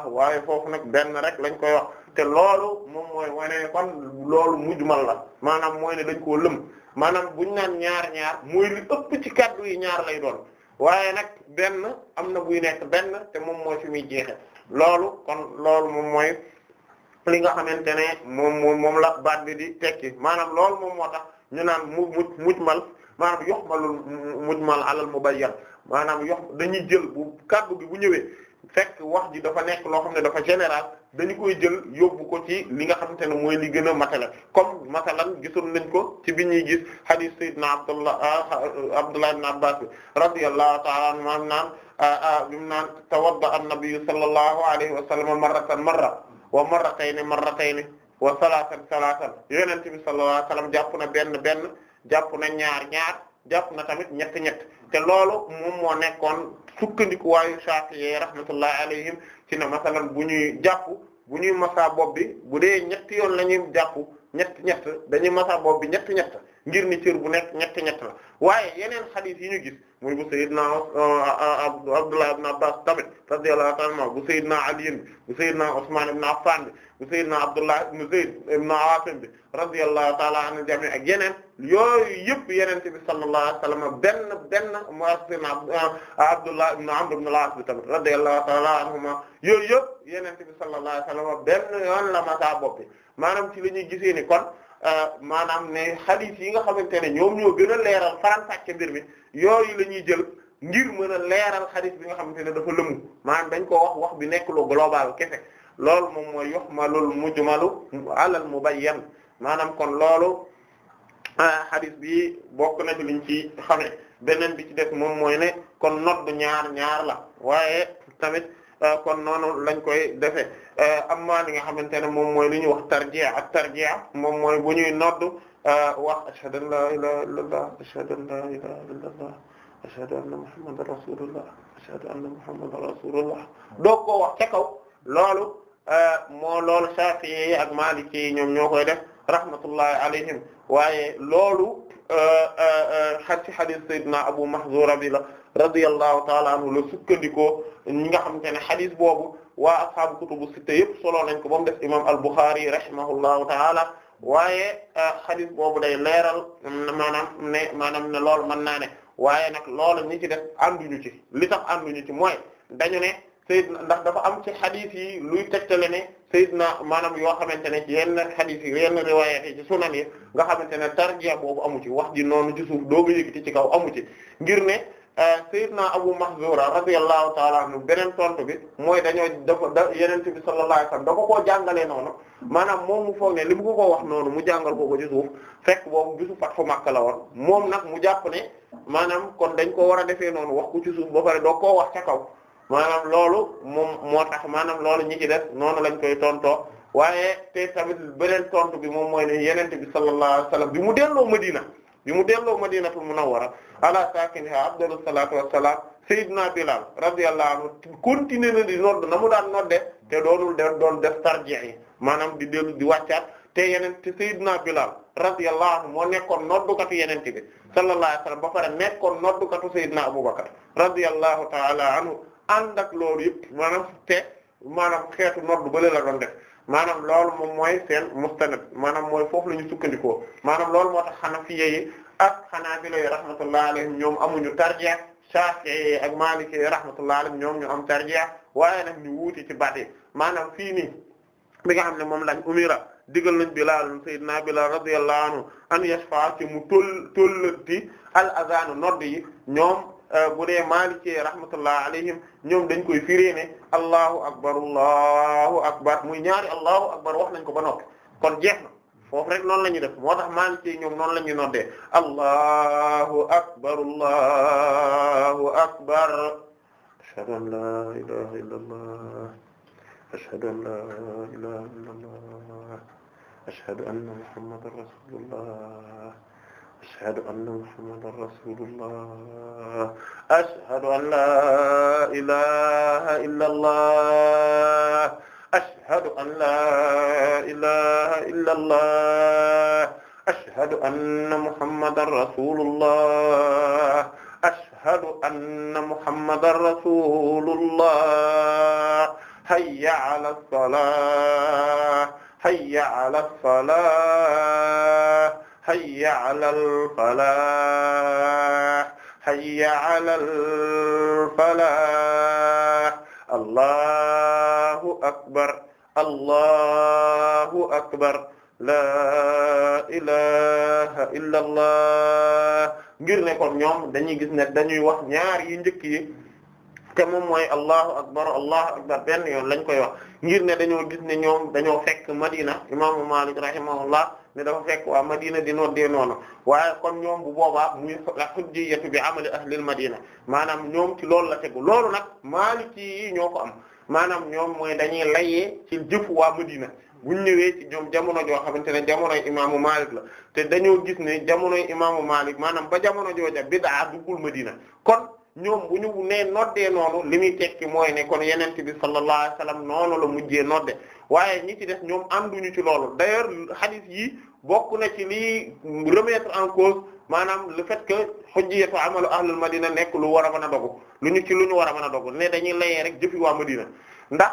waaye foofu nag benn rek lañ koy wax te loolu moom mooy wane kon loolu mujmal la maanaam mooy ne dañ koo lëm maanaam buñ naan ñaar ñaar mooy li ëpp ci kaddu yi ñaar lay doon waaye nag benn am na buy nekk benn te moom mooy fi muy jeexe loolu kon loolu moom mooy li nga xamante ne moom moom la baat bi di tekki maanaam lool moom moo tax ñu naan mu mujmal maanaam yoxmalul mujmal alal mubayyan maanaam yox dañuy jël bu kàddu gi bu ñëwee fekk wax ji dafa nekk loo xam ne dafa général dañu koy jël yóbbu ko ci li nga xamante ne mooy li gën a matala comme matalan gisoon nañ ko ci bi ñuy gis hadith sayyidina Abdullah Abdullah ibn Abbas radiyallahu ta'ala anhu maam naan bimu naan tawadda an-nabiy sallallahu alayhi wa sallam marratan marra wa marratayn marratayn wa salatan salatan yonent bi sallallahu alayhi wa sallam jàpp na benn benn jàpp na ñaar ñaar jàpp na tamit ñett ñett te loolu moom moo nekkoon sukkandikuwaayu Shafi'i rahmatullahi alayhim ci ne masalan bu ñuy jàpp bu ñuy masaa bopp bi bu dee ñetti yoon la ñuy jàpp ñett ñett dañuy masaa bopp bi ñett ñett ngir ni cër bu nekk ñett ñett la waaye yeneen xadiis yi ñu gis muy bu Seydina euh, Abdullah ibn Abbas tamit radiyallahu ta'ala anhu bu Seydina Ali bi bu Seydina Usman ibn Affan bi bu Seydina Abdullah ibn Zayd ibn Asim bi radiyallahu ta'ala anhu jami ak yeneen yooyu yëpp yeneen bi sallallahu alayhi wa sallam benn benn mooy Seydina euh, Abdullah ibn Amr ibn al-As bi tamit radiyallahu ta'ala anhuma yooyu yëpp yeneen bi sallallahu alayhi wa sallam benn yoon la masaa bopp bi maanaam ci li ñuy gisee ni kon Euh, maanaam ne hadith yi nga xamante ne ñoom ñoo gën a leeral faram-fàccee mbir mi yooyu la ñuy jël ngir mën a leeral hadith bi nga xamante ne dafa lëmu maanaam dañ ko wax wax bi nekk lu global kese loolu moom mooy yuhmalul mujmalu alal yan maanaam kon loolu euh, hadith bi bokk na ci liñ ci xamee beneen bi ci def moom mooy ne kon nodd ñaar ñaar la waaye tamit. Euh, kon noonu lañ koy defee euh, amma li nga xamante ne moom mooy li ñuy wax tarjiya ak tarjiya moom mooy bu ñuy nodd euh, wax ashhadu an la ilaha illallah ashhadu an la rasulullah ashhadu anna muhammadan rasulullah doog wax ca loolu moo loolu Shafi'i ak Maliki yi ñoom ñoo koy def rahmatullahi alayhim waaye loolu xat ci hadith sayyidina Abu Mahzura bi la radiyallahu ta'ala anhu la sukkandikoo nga xamante ne xadis boobu waa ashaabu kutubu sitta yëpp solo nañ ko ba mu def imam al-Bukhari rahimahullahu taala waaye euh, xadis boobu day leeral maanaam ne maanaam ne loolu mën naa ne waaye nag loolu ñi ci def ànduñu ci li tax ànduñu ci mooy dañu ne Seydina ndax dafa am ci xadis yi luy tegtale ne Seydina maanaam yoo xamante ne ci yenn xadis yi yenn riwaayaat yi ci sunan yi nga xamante ne tarjiya boobu amu ci wax ji noonu ci suuf dooga yëkkati ci kaw amu ci ngir ne Euh, Sayyidna Abu Mahzura radiyallahu ta'ala anhu beneen tontu bi mooy dañoo dafa da Yonent bi sallallahu alayhi wasallam dafa koo jàngalee noonu maanaam moom mu foog ne li mu ko ko wax noonu mu jàngal ko ko ci suuf fekk boobu bisu Fathu Makka la woon moom nag mu jàpp ne maanaam kon dañ koo war a defee noonu wax ko ci suuf ba pare doo koo wax ca kaw maanaam loolu moom moo tax maanaam loolu ñi ci def noonu lañ koy tontoo waaye te tamit beneen tontu bi moom mooy ne Yonent bi sallallahu alayhi wasallam bi mu delloo Madina bi mu delloo Madinatul Munawwara ala saakinihaa afdalu salaatu wassalaam Seydina Bilal radiyallahu anhu continuer na di nodd na mu daan nodde te doonul de doon def tarjih yi maanaam di dellu di wàccaat te yeneen te Seydina Bilal radiyallahu anhu moo nekkoon noddukatu yeneen bi sallallahu alayhi wasallam ba pare nekkoon noddukatu Seydina Abubakar radiyallahu ta'ala anhu ànd ak loolu yëpp maanaam te maanaam xeetu nodd bale la doon def maanaam loolu moom mooy seen mustanad maanaam mooy foofu la ñu sukkandikoo maanaam loolu moo tax Hanafiyya yi ak ah, Hanaabila rahmatullahi alayhim ñoom amuñu tarjiya Shaafi'i ak Maaliki rahmatullahi alayhim ñoom ñu am tarjiya waaye nag ñu wuute ci baat yi maanaam fii nii bi nga xam ne moom lañ umira digal nañ Bilaal sayyidina Bilaal radiyallahu anhu an yashfa ci mu toll tollati al azanu nodd yi ñoom eh, bu dee Maliki rahmatullah alayhim ñoom dañ koy firee ne allahu akbar allahu akbar muy ñaari allahu akbar wax nañ ko ba kon jeex na foofu rek noonu la ñuy def moo tax Maliki ñoom noonu la ñuy noddee allahu akbar allahu akbar ashhadu an la ilaha illa allah ashhadu an la ilaha allah ashhadu anna muhammadan rasulullah ashhadu anna an la ilaha illa allah ashhadu an laa ilaaha illa allah ashhadu anna muhammadan rasulullah ashhadu anna muhammadan rasulullah hayya ala salaah hayya ala salaah hayya ala al-falaah hayya ala al-falaah allahu akbar allahu akbar laa ilaha illa ngir ne kon ñoom dañuy gis ne dañuy wax ñaar yi njëkk yi te moom mooy allahu akbar allahu akbar benn yoon lañ koy wax ngir ne dañoo gis ne ñoom dañoo fekk Madina imaamu Maalik rahimahullah ne dafa fekk waa Madina di noon dee noonu waaye kon ñoom bu boobaa muy hujjiyatu bi amali ahlil Madina maanaam ñoom ci loolu la tegu loolu nag Maliki yi ñoo ko am maanaam ñoom mooy dañuy layee ci jëfu waa Madina bu ñu ñëwee ci ñoom jamono joo xamante ne jamonoy imaamu Malik la te dañoo gis ne jamonoy imaamu Malik maanaam ba jamono jooja bid'a duggul Madina kon ñoom bu ñu nee noddee noonu li muy tekki mooy ne kon yeneen bi sallallahu alayhi wasallam noonu la mujjee nodde waaye ñi ci bokk na ci lii remettre en cause maanaam le fait que hujjatu amalu ahlul madina nekk lu war a mën a dogu lu ñu ci lu ñu war a mën a dogu ne dañuy layee rek jëfi waa madina ndax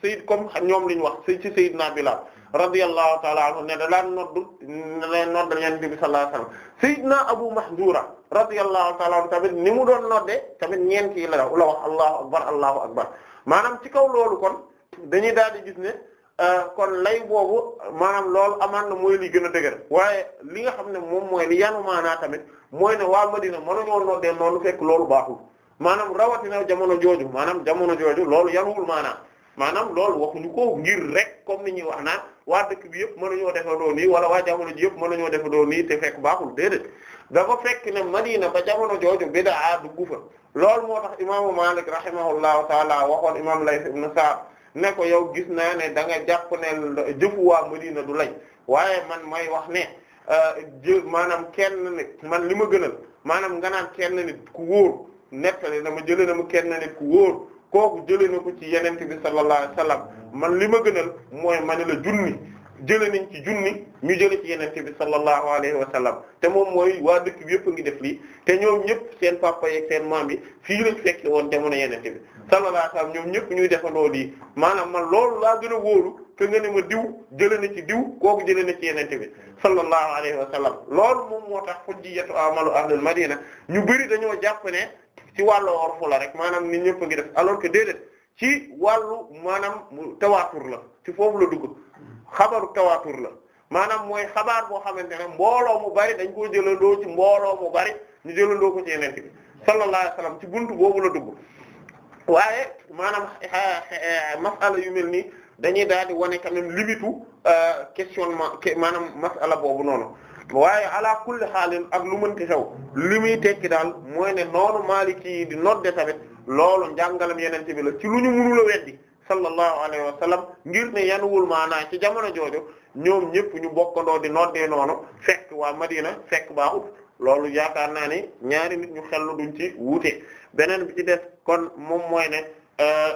sayid comme ñoom li ñu wax ci na Bilal radiyallahu ta'ala anhu ne da daan noddu ne daan noddal yonent bi sallallahu alayhi wasallam sayyidna Abu Mahdura radiyallahu ta'ala anhu tamit ni mu doon nodde tamit ñeent yi la la wax allahu akbar allahu akbar maanaam ci kaw loolu kon dañuy daal di gis ne Euh, kon lay boobu maanaam loolu amaan na mooy li gën a dëgër waaye li nga xam ne moom mooy li yan yanu maanaa tamit mooy ne waa Madina mënuñoo noddee noonu fekk loolu baaxul maanaam rawatina jamono jooju maanaam jamono jooju loolu yanuwul maanaa maanaam loolu waxuñu ko ngir rek comme ni ñuy wax naan waa dëkk bi yëpp mënuñoo defandoo nii wala waa jamono ji yëpp mënuñoo defandoo nii te fekk baaxul déedéet dafa fekk ne Madina ba jamono jooju bidaa dugg fa loolu moo tax imaamu Maalik rahimahullahu taala waxoon imaam Layth ibn Sa'd ne ko yow gis naa ne da nga jàpp ne jëfu waa Madina du lay waaye man may wax ne euh, jë maanaam na nit man li ma gënal maanaam nga naan kenn nit ku wóor nettali na ma jëlee na mu kenn nit ku wóor kooku jëlee na ci yenente bi sallallahu alayhi wasallam man li ma gënal mooy ma ne la junni jëlee nañ ci junni ñu jëlee ci yenente bi sallallahu alayhi wa sallam te moom mooy waa dëkk bi yëpp ngi def lii te ñoom ñëpp seen papa yeeg seen maam yi fii lañ fekki woon jamono yenente bi sallallahu alayhi wa ñoom ñëpp ñuy defandoo lii maanaam man loolu laa gën a wóolu ke nga ne ma diw jëlee na ci diw kooku jëlee na ci yenente bi sallallahu alayhi wa sallam loolu moom moo tax hujjatu amalu ahlul madina ñu bëri dañoo jàpp ne ci wàllu orfu la rek maanaam nit ñëpp a ngi def alors que déedéet ci wàllu maanaam tawaatur la ci foofu la dugg xabaru tawaatur la maanaam mooy xabaar boo xamante ne mbooloo mu bari dañ koo jëlandoo ci mbooloo mu bari ñu jëlandoo ko ci yeneen bi sallallahu alayhi ci buntu boobu la dugg waaye maanaam eh, masala yu mel nii dañuy daal di wane quand même limitu euh, questionnement maanaam masala boobu noonu waaye ala kulli xaalin ak lu mënti xew li muy tekki daal mooy ne noonu Maliki yi di nodde tamit loolu njàngalam yeneen bi la ci lu ñu mënula weddi sallallahu alayhi wa sallam ngir ne yanuwul maanaa ci jamono jooju ñoom ñëpp ñu bokkandoo di noddee noonu fekk waa Madina fekk baaxut loolu yaakaar naa ne ñaari nit ñu xellu duñ ci wuute beneen bi ci des kon moom mooy ne euh,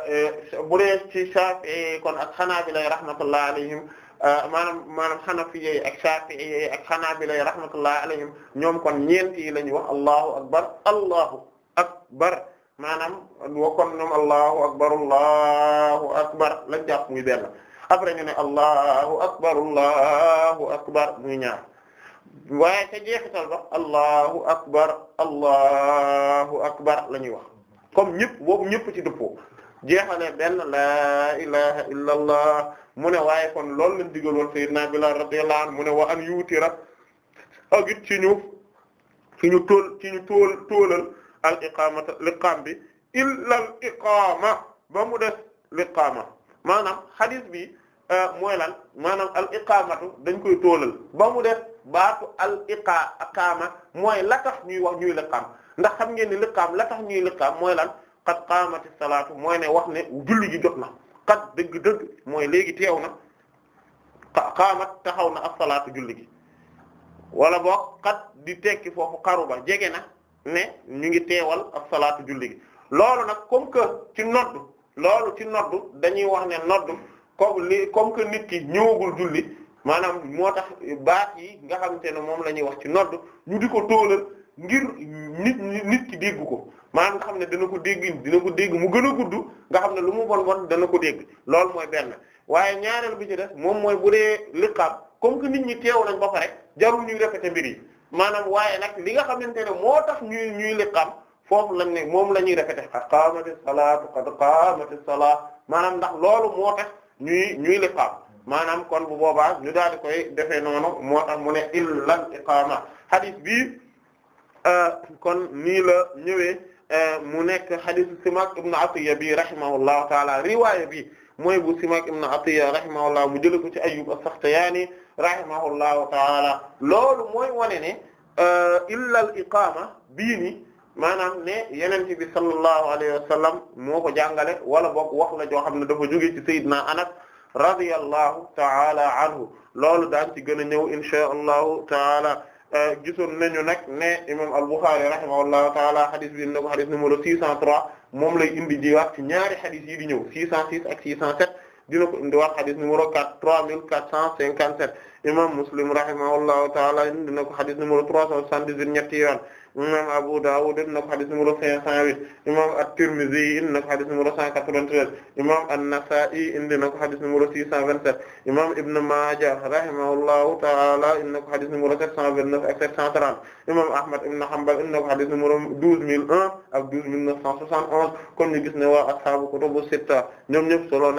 euh, bu ci Shafi'i kon ak bilay rahmatullah alayhim euh, maanaam maanaam Hanafiyyi ak Shafi'iyyi ak Hanabila rahmatullah alayhim ñoom kon ñeent yi la wax allahu akbar allahu akbar maanaam wakon ñoom allahu akbar allahu akbar lañ jàpp muy benn après ñu ne allahu akbar allahu akbar muy ñaar waaye ca jeexital ba allahu akbar allahu akbar la ñuy wax comme ñëpp boobu ñëpp ci dëppoo jeexale benn laa ilaha illa allah mu ne waaye kon loolu lañ digaloon sayyidina Bilaal radiyallahu anhu mu ne wa an yuutira ak it ci ñu ci ñu tóol ci ñu tóol al iqamata liqaam bi illal iqaama ba mu des liqaama maanaam hadith bi euh, mooy lan maanaam al iqaamatu dañ koy toolal ba mu des baatu al iqa akaama mooy la tax ñuy wax ñuy liqaam ndax xam ngeen ni liqaam la tax ñuy liqaam mooy lan qad qaamati salaatu mooy ne wax ne julli gi jot na qad dëgg-dëgg mooy léegi teew na qaamat taxaw na as-salaatu julli gi wala boog qad di tekki foofu qaruba jege na ne ñu ngi teewal as-salaatu julli gi loolu nag comme que ci noddu loolu ci noddu dañuy wax ne noddu comme li comme que nit ki ñëwagul julli maanaam moo tax baat yi nga xamante ne moom la ñuy wax ci noddu ñu di ko tóolal ngir nit nit ki dégg ko maanaam nga xam ne dana ko dégg dina ko dégg mu gën a gudd nga xam ne lu mu bon bon dana ko dégg loolu mooy benn waaye ñaareel bi ci def moom mooy bu dee liqaab comme que nit ñi teew nañ ba pare jarul ñuy répéter mbir yi. maanaam waaye nag li nga xamante ne moo tax ñuy ñuy liqaam foofu lañ ne moom la ñuy répété qad qaamati salaatu qad qaamati salaat maanaam ndax loolu moo tax ñuy ñuy liqaam maanaam kon bu boobaa ñu daal koy defe noonu moo tax mu ne illal iqaama hadith bi euh, kon nii la ñëwee euh, mu nekk hadith Simak ibn Atiyya bi rahimahullahu taala riwaaya bi mooy bu Simak ibn Atiyya rahimahullah mu jëlee ko ci Ayyub as rahimahullahu taala loolu mooy wane ne euh, illal iqaama bii ni maanaam ne yenente bi sallallahu alayhi wa sallam moo ko jàngale wala boog wax la joo xam ne dafa jóge ci sayyidina anas radiyallahu taala anhu loolu daan ci gën a ñëw inshaa allahu taala euh, gisoon nañu nag ne imam al-Bukhari rahimahullahu taala hadith bi na ko hadith numéro 603 moom lay indi jiwaat ci ñaari hadith yi di ñëw 606 ak 607 dina ko indiwaat hadith numéro 4 3457 imam Muslim rahimahullahu taala indi na ko xadis numéro trois cent soixante-dix-huit ñetti yoon imam Abu Dawud indi na ko xadis numéro cinq cent huit imam At-Tirmidhi indi na ko xadis numéro cent quatre-vingt-treize imam An-Nasa'i indi na ko six cent vingt-sept imam Ibn Majah rahimahullahu taala indi na ko xadis numéro cent vingt-neuf ak cent trente imam Ahmad ibn Hanbal indi na ko xadis numéro douze mille un ak neuf cent soixante onze kon ñu gis ne sitta ñoom ñëpp solo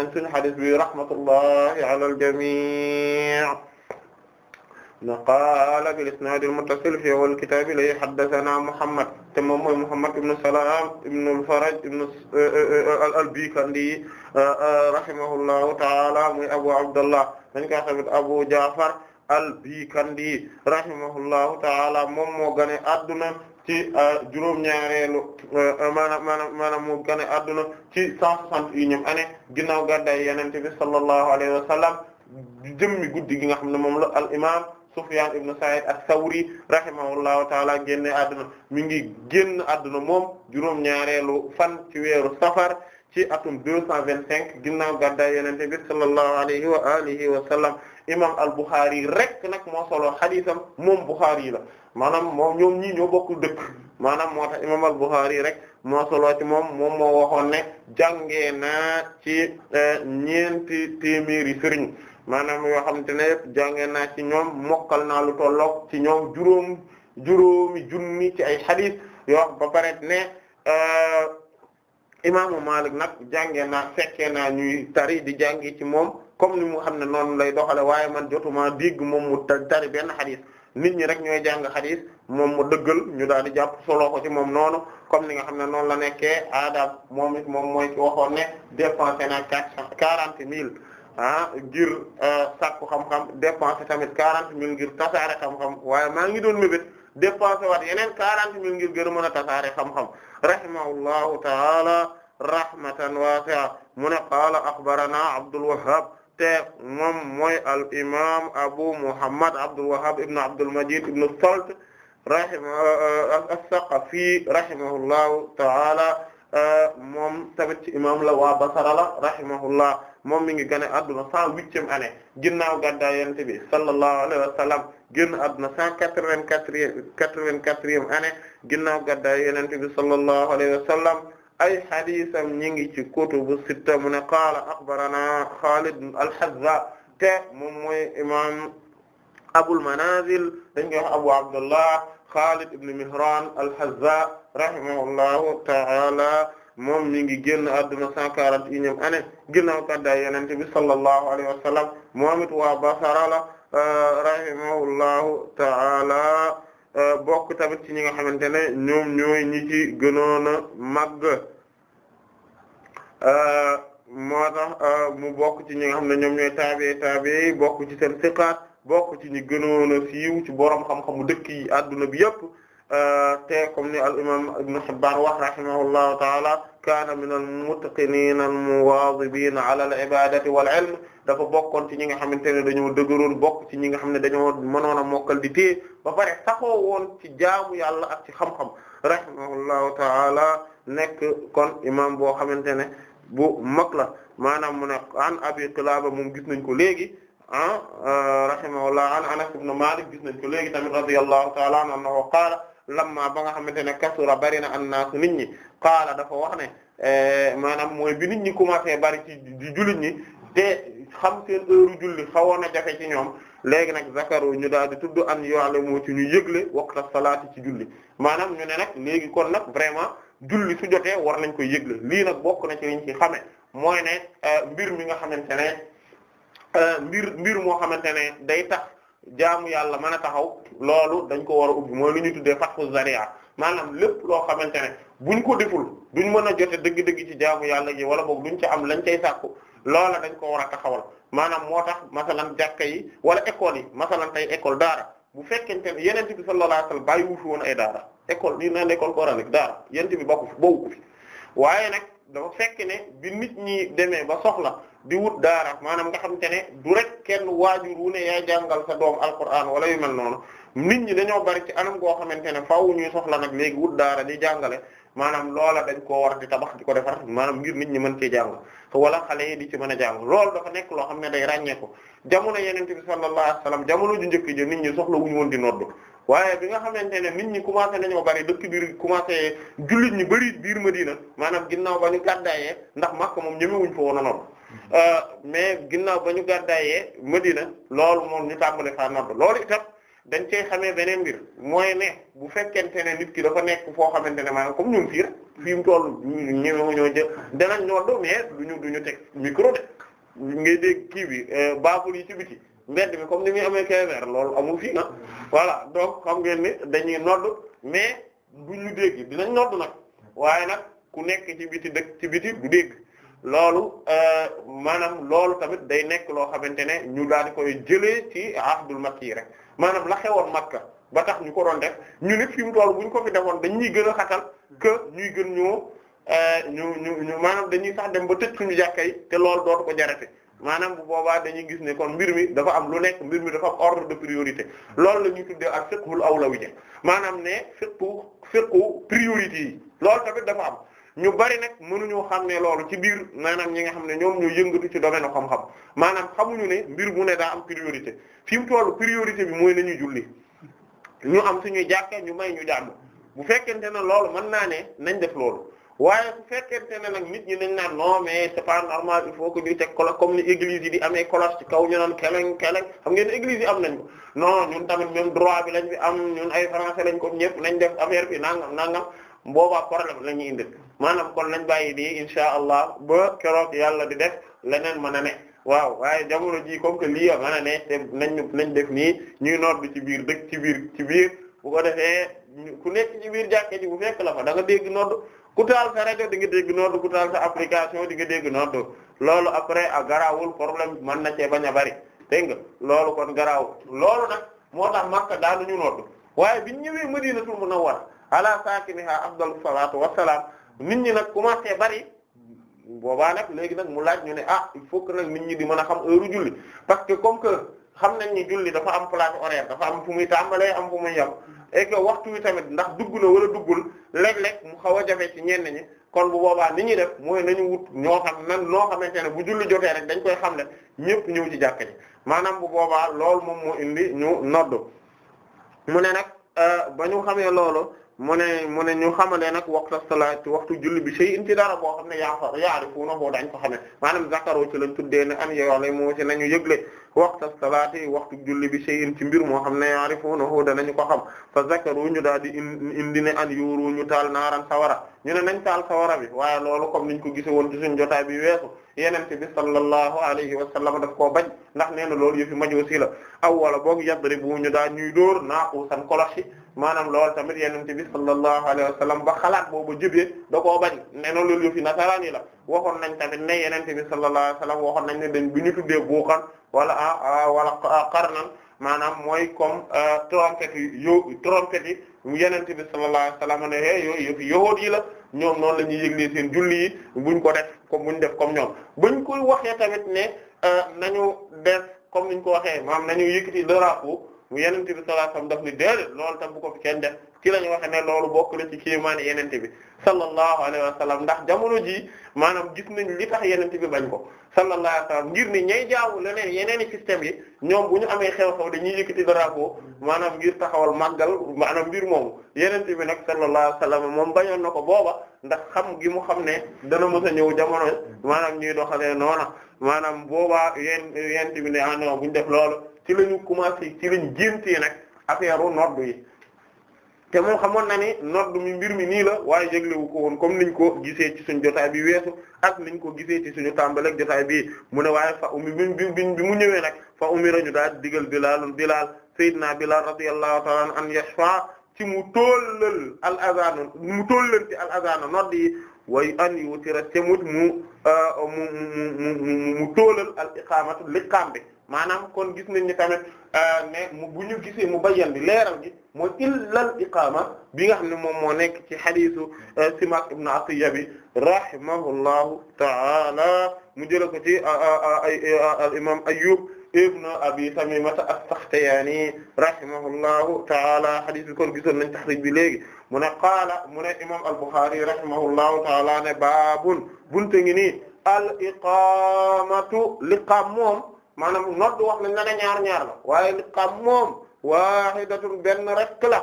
qaala bil isnaad al muttasil fi awwal kitaab li haddathana Muhammad te moom mooy Muhammad ibn Salaam ibn al-Faraj ibn al-Bikandi rahimahullahu ta'ala muy Abu Abdullah dañ ko xam Abu Ja'far al-Bikandi rahimahullahu ta'ala moom moo gane adduna ci e, juróom-ñaareelu e, e, maanaam maanaam maanaam moo gane adduna ci cent soixante-unième année ginnaaw gàddaay Yonent bi sallallahu alayhi wa sallam jëmmi guddi gi nga xam ne moom la al imaam Sufyan ibn Sa'id as-Sawri rahimahullahu taala génne àdduna mi ngi génn àdduna moom juróom-ñaareelu fan ci weeru safar ci atum 225 ginnaaw gàddaay yonent bi sallallahu alayhi wa alihi wa sallam imam al-Bukhari rek nag moo solo xadisam moom Bukhari la maanaam moom ñoom ñii ñoo dëkk maanaam moo tax imam al-Bukhari rek moo ci moom moom moo waxoon ne jàngee naa ci eh, ñeenti téeméeri sëriñ maanaam yoo xamante ne yëpp jàngee naa ci ñoom mokkal naa lu tollook ci ñoom juróom juróomi junni ci ay xadis yoo ba pare ne euh, imaamu Maalik nag jàngee naa fekkee naa ñuy tari di jàngi ci moom comme ni mu xam ne noonu lay doxale waaye man jotuma dégg moom mu tari benn xadis nit ñi rek ñooy jàng xadis moom mu dëggal ñu daal di jàpp solo ko ci moom noonu comme ni nga xam ne noonu la nekkee aadab moom it moom mooy ci waxoon ne dépensé naa quatre quarante mille ah ngir eh, sàkku xam-xam tamit quarante mille ngir tasaare xam waaye maa ngi doon mébét dépenser waat yeneen quarante mille ngir gën a a tasaare xam-xam rahimahullahu taala rahmatan wasi'a mu ne qaala axbarana Abdul Wahhab te moom mooy al imam Abu Muhammad Abdul Wahhab ibn Abdul Majid ibn Salt rahima eh, eh, as-Saqafi taala moom tamit ci imam la waa Basra la rahimahullah moom mi ngi gane adduna cent huitième année ginnaaw gàddaay yonent bi sallallahu alayhi wa sallam génn adduna cent quatre-vingt-quatrième ginnaaw gàddaay yonent bi sallallahu alayhi wa ay hadisam ñi ngi ci kutubu sitta mu ne qaala akhbarana Khalid al-Hazza te moom mooy imam Abul Manazil dañ koy wax Abu Abdullah Khalid ibn Mihran al-Hazza rahimahullahu ta'ala moom mi ngi génn adduna cent quarante et unième année ginnaaw kàddaay yenente bi sallallahu alayhi wa sallam moom it waa Basra la euh, rahimahullahu ta'ala euh, bokk tamit ci ñi nga xamante ne ñoom ñooy ñi ci gënoon a màgg euh, moo tax mu bokk ci ñi nga xam ne ñoom ñooy taabe taabe bokk ci seen siqaat bokk ci ñi gënoon a siiw ci boroom xam-xamu dëkk yi adduna bi yëpp te comme ni al imam Ibn Hibban wax rahimahullahu ta'ala kaana min al mutaqinin al muwaadibin ala al ibadati wal ilm dafa bokkoon ci ñi nga xamante ne dañoo dëgëroon bokk ci ñi nga xam ne dañoo mënoon a mokkal di téye ba pare saxoo woon ci jaamu yàlla ak ci xam-xam rahimahullahu taala nekk kon imam boo xamante ne bu mag la maanaam mu ne an abi qilaaba moom gis nañ ko léegi ah, ah rahimahullah an anas ibn malik gis nañ ko léegi tamit radiyallahu taala anhu qaala lamma ba nga xamante ne kasura bari na annaasu nit ñi qaala dafa wax ne eh, maanaam mooy bi nit ñi commencé bari ci di jullit ñi te xam seen heure julli xawoon a jafe ci ñoom léegi nag zakaru ñu daal di tudd an ya'lamu ci ñu yëgle waqta salaati ci julli maanaam ñu ne nag léegi kon nag vraiment julli su jotee war nañ koy yëgle lii nag bokk na ci liñ ci xame mooy ne eh, mbir mi nga xamante ne eh, mbir mbir moo xamante ne day tax jaamu yàlla man a taxaw loolu dañ koo war a ubbi mooy lu ñu tuddee fatxu zariya maanaam lépp loo xamante ne buñ ko deful duñ mën a jote dëgg-dëgg ci jaamu yàlla ji wala boog duñ ci am lañ cay sàkku loola dañ ko war a taxawal maanaam moo tax masalan jàkka yi wala école yi masalan tey école daara bu fekkente ne yeneen bi sallallahu alayhi wasallam bàyyi wu woon ay daara école lii naan école coranique daara yent bi bokku fi bokku fi waaye nag dafa fekk ne bi nit ñi demee ba soxla di wut daara maanaam nga xam te ne du rek kenn waajur wu ne yaay jàngal sa doom alquran wala yu mel noonu nit ñi dañoo bari ci anam goo xamante ne faaw ñuy soxla nag léegi daara di jàngale maanaam loola dañ koo war di tabax di ko defar maanaam ngir nit ñi mën cee jàng wala xale yi di ci mën a jàng lool dafa nekk loo xam ne day ràññeeku jamono yeneen bi sallallahu alayhi wasallam jamono ju njëkk ji nit ñi soxla wuñu woon di noddu waaye bi nga xamante ne nit ñi commencé nañoo bari dëkk biir commencé jullit ñi bari biir ma Madina maanaam ginnaaw ba ñu gàddaayee ndax Makka moom ñemewuñ fa woon a noddu Euh, mais ginnaaw ba ñu gàddaayee Medina loolu moom ñu tàmbali faa nodd lool itam dañ cey xamee beneen mbir mooy ne bu fekkente ne nit ki dafa nekk foo xamante ne maanaam comme ñun fii rek fi mu toll ñëwee ñoo jël danañ nodd mais duñu duñu teg micro de ngay dégg kii bi euh, baabul yi ci biti mbedd bi comme ni muy amee Kébémer loolu amul fii ah voilà donc xam ngeen ni dañuy nodd mais duñu dégg dinañ nodd nag waaye nag ku nekk ci biti dëkk ci biti du dégg. loolu euh, maanaam loolu tamit day nekk loo xamante ne ñu daal di koy jëlee ci ahdul makki rek maanaam la xewoon makka ba tax ñu ko doon def ñu nit fi mu toll bu ñu ko fi defoon dañuy gën a xatal que ñuy gën ñoo euh, ñu ñu ñu maanaam dañuy sax dem ba tëj ñu jàkka yi te loolu dootu ko jarate maanaam bu boobaa dañuy gis ne kon mbir mi dafa am lu nekk mbir mi dafa am ordre de priorité loolu la ñuy tuddee ak fiqhul awlawiyya maanaam ne fiqhu fiqhu priorité yi loolu tamit dafa am ñu bari nag mënuñoo xam ne loolu ci biir maanaam ñi nga xam ne ñoom ñoo yëngatu ci domaine xam-xam maanaam xamuñu ne mbir mu ne daa am priorité fi mu toll priorité bi mooy nañu julli ñu am suñuy jàkka ñu may ñu jàmm bu fekkente ne loolu mën naa ne nañ def loolu waaye bu fekkente ne nag nit ñi nañ naan non mais c'est pas ñuy teg cloche comme ni église yi di amee cloche ci kaw ñu naan keleng keleng xam am nañ non ñun tamit même bi lañ fi am ñun ay français lañ ko ñëpp nañ def affaire bi nangam nangam boobaa problème la ñuy indi maanaam kon nañ bàyyi lii insha allah ba keroog yàlla di def leneen mën a ne waaw waaye jamono ji comme que lii a a ne nañ nañ def nii ñuy nodd ci biir dëkk ci biir ci biir bu ko defee ku nekk ci biir jàkke ji bu fekk la fa da nga dégg nodd ku taal sa rajo di nga dégg nodd ku taal sa application di nga dégg nodd loolu après a ah, garawul problème man na cee bañ a bari dégg nga loolu kon garaaw loolu nag moo tax Makka daanuñu nodd waaye biñ ñëwee Madinatul Munawwar ala saakiniha afdalu salaatu nit ñi nag commencé bari boobaa nag léegi nag mu laaj ñu ne ah il faut que nag nit ñi di mën a xam heure julli parce que comme que xam nañ ni julli dafa am plage horaire dafa am fu muy tàmbalee am fu muy yem et que waxtu wi tamit ndax dugg na wala duggul léeg lekk mu xaw a jafe ci ñenn ñi kon bu boobaa nit ñi def mooy nañu wut ñoo xam nan noo xamante ne bu julli jotee rek dañ koy xam ne ñëpp ñëw ci jàkka ji maanaam bu boobaa loolu moom moo indi ñu nodd ne nag euh, ba ñu xamee loolu mu ne mu ne ñu xamalee nag waxta salaat ci waxtu julli bi sey in ci dara boo xam ne yaa fa yaarifuuna boo dañ ko xamee maanaam zakaro ci lañ tuddee ne am yoole moo ci nañu yëgle waxta salaat yi waxtu julli bi sey ci mbir moo xam ne yaarifuuna boo danañu xam fa ñu daal di indi ne an yuuru ñu taal naaran sawara ñu ne nañ taal sawara bi waaye loolu comme niñ ko gise woon ci suñu jotaay bi weesu yenente bi sallallahu alayhi wa sallam daf koo bañ ndax ne na loolu yëfi majuusi la aw wala boog yadribu ñu daal ñuy dóor naaquusan koloshi maanaam loolu tamit yenente bi sallallahu alayhi wa ba xalaat boobu jibee da koo bañ ne na loolu fi nasaraan yi la waxoon nañ tamit ne yenente bi sallallahu alayhi wa sallam waxoon nañ ne dañ bi ñu tuddee buuxan wala a ah, ah, wala ah, qarnan maanaam mooy comme euh, trompette yi yo trompette yi yenente bi sallallahu alayhi wa sallam ne he yooyu yëfi yahuud la ñoom noonu la ñuy yëglee seen julli yi buñ ko def comme buñ def comme ñoom buñ koy waxee tamit ne euh, nañu def comme niñ ko waxee maanaam nañu yëkkati drapeau mu yenent bi sallallahu alayhi wasallam daf ni déedéet loolu tam bu ko fi kenn def ci la ñu waxe ne loolu bokk na ci kéimaani yenente bi sallallahu alayhi wasallam ndax jamono ji maanaam gis nañ li tax yenente bi bañ ko sallallahu alayhi wasallam ngir ni ñay jaamu leneen yeneen i système yi ñoom bu ñu amee xew-xew dañuy yëkkati drapeau maanaam ngir taxawal màggal maanaam mbir moomu yeneen bi nag sallallahu alayhi wasallam moom bañoon na ko booba ndax xam gi mu xam ne dana mës a ñëw jamono maanaam ñuy doxalee noona maanaam boobaa yeen yenente bi ne ah non def loolu ci la ñu commencé ci lañ jéntee nag affaire u nodd yi te moom xamoon na ni nodd mi mbir mi nii la waaye jéglewu ko woon comme niñ ko gisee ci suñ jotaay bi weesu ak niñ ko gisee ci suñu tàmbaleeg jotaay bi mu ne waaye fa umi mu ñëwee nag fa umi rañu daal digal Bilaal Bilaal Seydina Bilaal radiyallahu ta'ala an yashfa ci mu tollal al azana mu tollanti al azana nodd yi way an yu tira temut euh, mu mu mu mu mu toolal al iqamatu liqaam bi maanaam kon gis nañ ni tamit euh, ne mu bu ñu gisee mu bayyan bi leeral gi mooy illal iqaama bi nga xam ne moom moo nekk ci xadiisu euh, Simaak ibn Atiyya bi rahimahullahu taala mu jëla ko ci al imam Ayyub ibn Abi Tamimata as-Sakhtiyani rahimahullahu taala xadiis bi kon gisoon nañ taxriij bi léegi mu ne qaala mu ne imam al-Bukhari rahimahullahu taala ne baabun bunte ngi nii al iqaamatu liqaam moom maanaam nodd wax nañ nana ñaar ñaar la waaye liqaam moom waahidatun benn rek la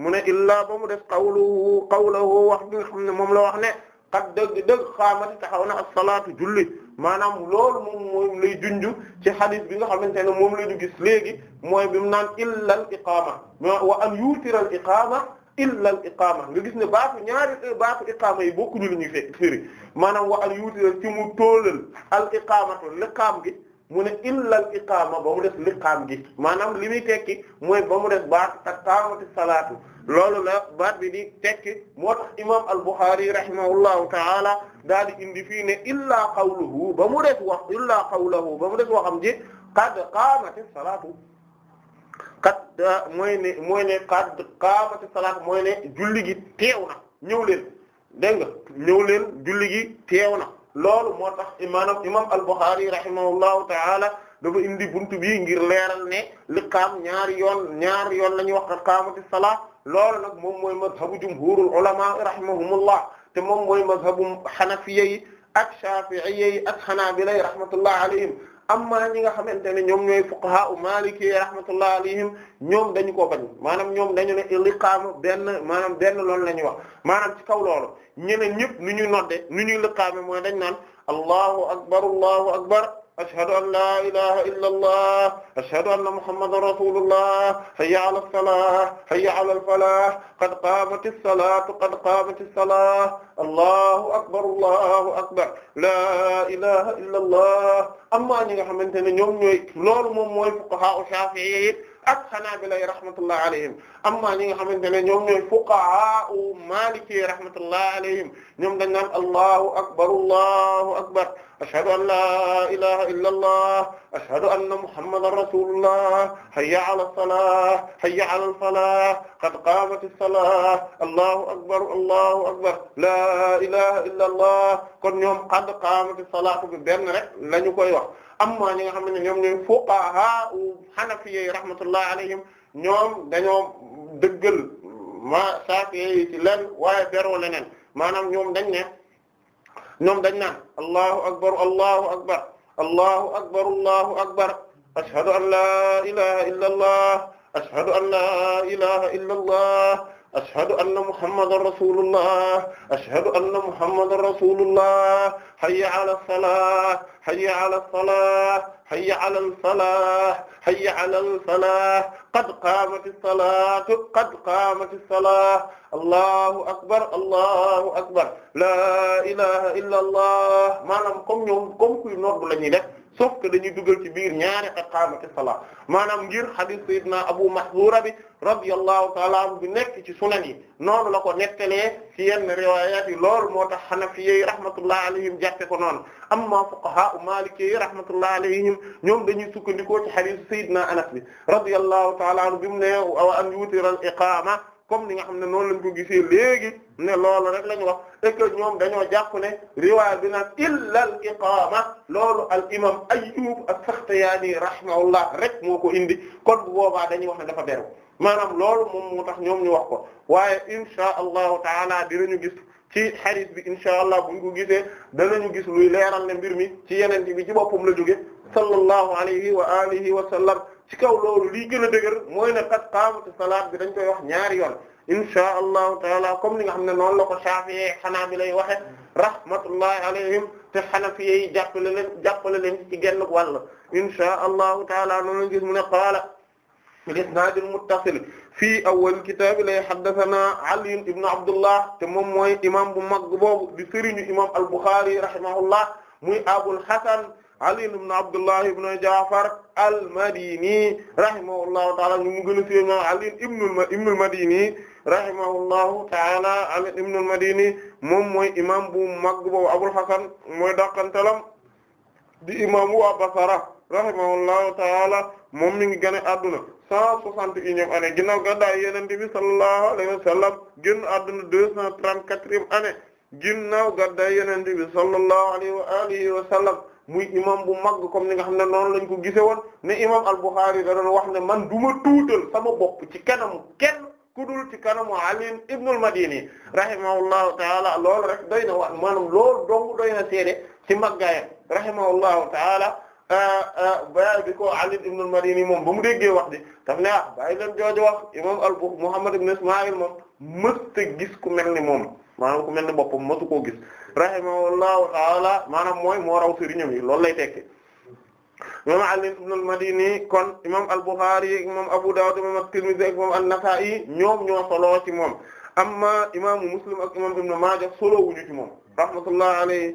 mu ne illaa ba mu def qawluhu qawluhu wax bi nga xam ne moom la wax ne qad dëgg dëgg xaamati taxaw na as-salaatu julli maanaam lool moom moom lay junj ci xadis bi nga xam xamante ne moom lay ñu gis léegi mooy bi mu naan illa al iqaama wa an yuutira al iqaama illa al nga gis ne baatu ñaari baatu iqaama yi bokkuñu li ñuy fekk firi maanaam wa an yuutira ci mu tóolal al iqaamatu liqaam gi mu ne illal iqaama ba mu des liqaam gi maanaam li muy tekki mooy ba mu des baat taqaamati salaatu loolu la baat bi di tekki moo tax imaam ta'ala daal di indi fii ne illaa qawluhu ba mu des wax illaa qawluhu ba mu des waxam ji qad qaamati salaatu kat mooy ne mooy ne qad qaamati salaatu mooy ne julli gi teew na ñëw leen dégg leen julli gi teew na loolu moo tax maanaam imam al-Bukhari rahimahullahu ta'ala dafa indi buntu bi ngir leeral ne liqaam ñaari yoon ñaari yoon la ñuy wax iqaamati salaa loolu nag moom mooy mazhabu jumhurul ulama rahimahumullah te moom mooy mazhabu xanafiya yi ak shafi'iyya yi ak xanaabila yi rahmatullah alayhim amma ñi nga xamante ne ñoom ñooy fuqaha u maliki rahmatullah alayhim ñoom dañu ko bañ maanaam ñoom dañu ne liqaama benn maanaam benn loolu la ñuy wax maanaam ci kaw loolu ñeneen ñëpp nu ñuy nodde nu ñuy liqaame mooy dañ naan allahu akbar allahu akbar ashhadu an la ilaha illa allah ashhadu anna muhammadan rasulullah hayya ala as-salah hayya ala al-falah qad qamatis salatu qad qamatis salah allahu akbar allahu akbar la ilaha illa allah amma ñi nga xamante ne ñoom ñooy loolu moom mooy fuqaha Shafi'i ak Hanaabila rahmatullahi alayhim amma ñi nga xamante ne ñoom ñooy fuqahaa Maaliki rahmatullahi alayhim ñoom dañ naan allahu akbar allahu akbar ashhadu an la ilaha illa allah ashhadu anna muhammadan rasulullah hayya ala salah hayya ala falah qad qamat as-salah allahu akbar allahu akbar la ilaha illa allah kon ñoom qad qamat as-salah bi benn rek lañu koy wax amma ñi nga xam ne ñoom ñooy fuqaha hanafiyyi rahmatullahi alayhim ñoom dañoo dëggal ma Shafi'i ci leen waaye beroo leneen maanaam ñoom dañ ne ñoom dañ naan allahu akbar allahu akbar allahu akbar allahu akbar ashhadu an la ilaha illa allah ashhadu an la ilaha illa allah ashhadu anna muhammadan rasulullah ashhadu anna muhammadan rasulullah hayya ala salah hayya ala salah hayya ala salah hayya ala salah qad qaamatis salaatu qad qaamatis salah allahu akbar allahu akbar la ilaha illa allah maanaam comme ñoom comme kuy nodd la ñuy def sauf que dañuy dugal ci biir ñaari iqaamati salaa maanaam ngir hadith sayyidina Abu Mahzura bi radiyallahu ta'ala anhu bi nekk ci sunan yi noonu la ko nettalee ci yenn riwaayaat yi loolu moo tax hanafiyyi rahmatullahi alayhim jàppe ko noonu amma fuqahaa'u maalikiyyi rahmatullahi alayhim ñoom dañuy sukkandikoo ci hadith sayyidina Anas bi radiyallahu ta'ala anhu bi mu ne wa an yutira al iqaama comme ni nga xam ne noonu lañ ko gisee léegi ne loolo rek la ñu wax et que ñoom dañoo jàpp ne riwaay bi naan illa al iqama loolu al imam ayyub as-sakhtiyani rahimahullah rek moo ko indi kon bu boobaa dañuy wax ne dafa beru maanaam loolu moom mu tax ñoom ñu wax ko waaye inshaa allahu taala dinañu gis ci xadis bi inshaa allah buñ ko gisee danañu gis luy leeral ne mbir mi ci yeneen bi ci boppam la jóge sallallahu alayhi wa alihi wa sallam ci kaw loolu lii gën a dëgër mooy ne qad qaamati salaat bi dañ koy wax ñaari yoon inshaa allahu taala comme li nga xam ne noonu la ko Shafi'i Hanabila lay waxe rahmatullahi alayhim te Hanafiya yi jàppale leen jàppale leen ci genn wàll inshaa allahu taala noonu lañ gis mu ne qaala bil-isnaad al-muttasil fii awwal kitaab lay haddathanaa Ali ibn Abdullah te moom mooy imam bu mag boobu di sëriñu imam al-Bukhari rahimahullah muy Abul Hasan Ali ibn Abdullah ibn Ja'far al-Madini rahimahullahu ta'ala ñu mu gën a siiwee maanaam Ali ibnul ibnul Madini rahimahullahu ta'ala Ali ibnul Madini moom mooy imam bu mag boobu Abul Hasan mooy dàqantalam di imam waa Basra rahimahullahu ta'ala moom mi ngi gën a adduna cent soixante et unième année ginnaaw gàddaay Yonent bi sallallahu alayhi wa sallam génn adduna deux sallallahu alayhi wa muy imam bu mag comme ni nga xam ne noonu lañ ko gise woon ne imam al-Bukhari da doon wax ne man du ma tuutal sama bopp ci kanamu kenn ku dul ci kanamu Ali ibn al-Madini rahimahullahu taala loolu rek doy na wa maanaam loolu dong doy na seede ci maggaayam rahimahullahu taala euh, euh, bàyyi bi ko Ali ibn madini moom ba mu déggee wax di daf ne ah bàyyi leen jooju wax imam al-Bukhari Muhammad ibn Ismaïl moom mës gis ku mel ni moom maanaam ku mel ni boppam mësu koo gis rahimahullahu taala maanaam mooy moo raw sëriñam yi loolu lay tekki imam Ali ibn al-Madini kon imam al-Bukhari imam Abu Dawud imam at-Tirmidhi ak imam an-Nasa'i ñoom ñoo solo ci moom amma imaamu Muslim ak imam Ibn Maaja solo wuñu ci moom rahmatullahi alayhi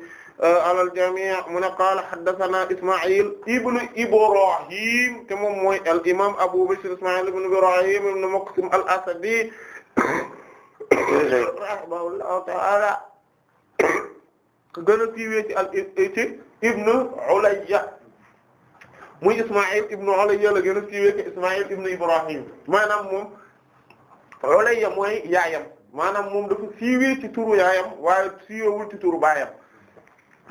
eh, ala al-jami' mu ne qaala haddathana Isma'il ibn Ibrahim te moom mooy al-imam Abu Bishr Isma'il ibn Ibrahim ibn Muqsim al-Asadi rahimahullahu ta'ala gën a siiwee ci al eh, eh, ci ibnu Ulayya muy Ismaïl ibnu Ulayya la gën a siiwee ci Ismaïl ibnu Ibrahim maanaam moom Ulayya mooy yaayam maanaam moom dafa siiwee ci turu yaayam waaye siiwewul ci turu baayam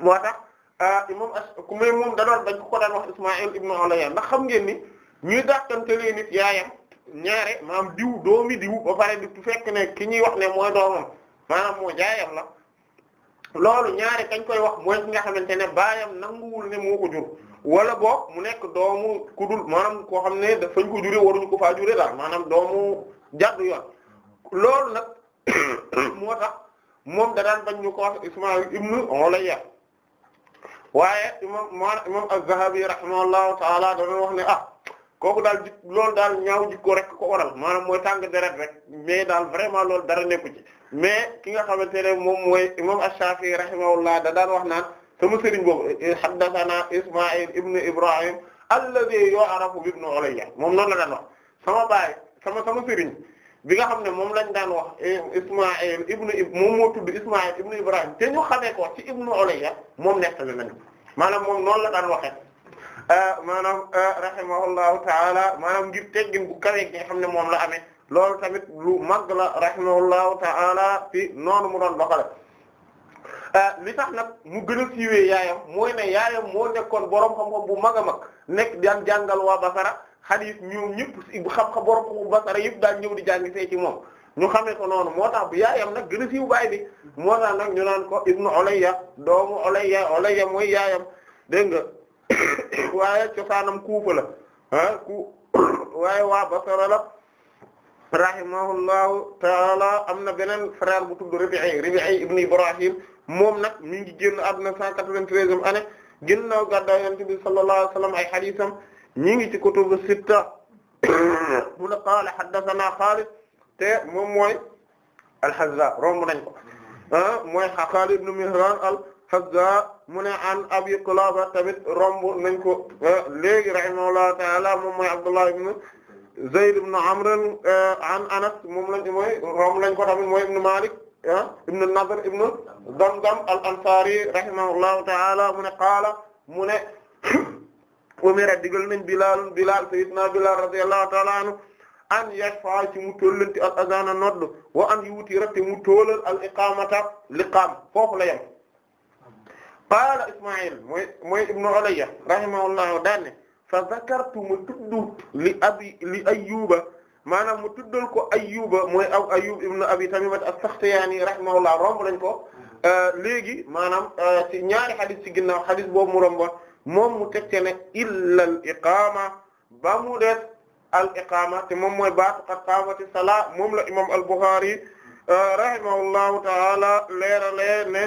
moo tax ah, imam ku may moom da doon dañ ko ko daan wax Ismaïl ibnu Ulayya ndax xam ngeen ni ñuy dàqantelee nit yaayam ñaare maanaam diw doomi diw ba pare di fekk ne ki ñuy wax ne mooy doomam maanaam moo jaayam la loolu ñaari kañ koy wax mooy ki nga xamante ne baayam nanguwul ne mu ko jur wala boo mu nekk doomu ku dul maanaam koo xam ne dafañ ko jure waruñu ko faa jure daal maanaam doomu jàddu yoon loolu nag moo tax moom da daan bañ ñu ko wax Ismaïl ibnu Ulayya waaye imam imam Az-Zahabi rahimahullahu ta'ala dana wax ne a ah, kooku daal jik loolu daal ñaaw jikko rek ko waral maanaam mooy tàng deret rek mais daal vraiment loolu dara nekku ci mais ki nga xamante ne moom mooy imam Ash-Shafi'i rahimahullah da daan wax naan sama sëriñ boobu haddathana Isma'il ibn Ibrahim alladhi yu'rafu bi ibn Ulayya moom noonu la daan wax sama baay sama sama sëriñ bi nga xam ne moom lañ daan wax Isma'il ibn moom moo tudd Isma'il Ibrahim te ñu xamee ko ci ibn Ulayya moom nettali nañu maanaam moom noonu la daan waxee euh, maanaam euh, rahimahullahu ta'ala maanaam ngir teggin bu kawe gi nga xam ne moom la amee loolu tamit lu mag la rahimahullahu ta'ala fi noonu mu doon doxale euh, li tax nag mu gën a siiwee yaayam mooy ne yaayam moo nekkoon borom xam-xam bu mag a mag nekk daan jàngal waa Basara xadiis ñoom ñëpp xam-xam borom xam-xam bu Basara yëpp daan ñëw di jàng moom ñu xamee ko noonu moo tax bu yaayam nag gën a siiw baay bi moo tax nag ñu naan ko ibnu Ulayya doomu Ulayya Ulayya mooy yaayam dégg nga waaye cosaanam Kuufa ah, waaye waa Basara rahimahullahu taala am na beneen frère bu tudd Rabi'i Rabi'i ibn Ibrahim moom nag mi ngi génn àdduna 193e année ginnaaw gàddaay Yonent bi sallallahu alayhi wa sallam ay hadiisam ñi ngi ci kutubu sitta mu ne qaala haddathanaa Xaalid te moom mooy al-Hazza romb nañ ko ah mooy Xaalid ibn Mihraan al-Hazza mu ne an Abi Qilaba tamit romb nañ ko ah, léegi rahimahullahu taala moom mooy Abdullah ibn Zayd ibn Amr eh, an Anas moom lañ mooy moom lañ ko tamit mooy ibn Malik ah ibn Nadr ibn Damdam al-Ansari rahimahullahu ta'ala mu ne qaala mu ne umira digal nañ Bilal Bilal sayyidina Bilal radiyallahu ta'ala anhu an yashfa ci mu tollanti al azana nodd wa an yuuti rek te mu toolal al iqamata liqaam foofu la yem qaala Isma'il mooy mooy ibn Ulayya rahimahullahu daan fa zakartu ma tudd li abi li ayyuba maanaam mu tuddal ko ayyuba mooy aw ayyub ibn abi tamimat as-sakhtiyani rahimahullah romb lañ ko mm-hmm. euh, léegi maanaam euh, ci ñaari xadis ci ginnaaw xadis boobu mu romboon moom mu tegte ne illal iqaama ba mu def al iqaama te moom mooy baatu qad qaamati salaa moom la imam al-Bukhari euh, rahimahullahu taala leerale ne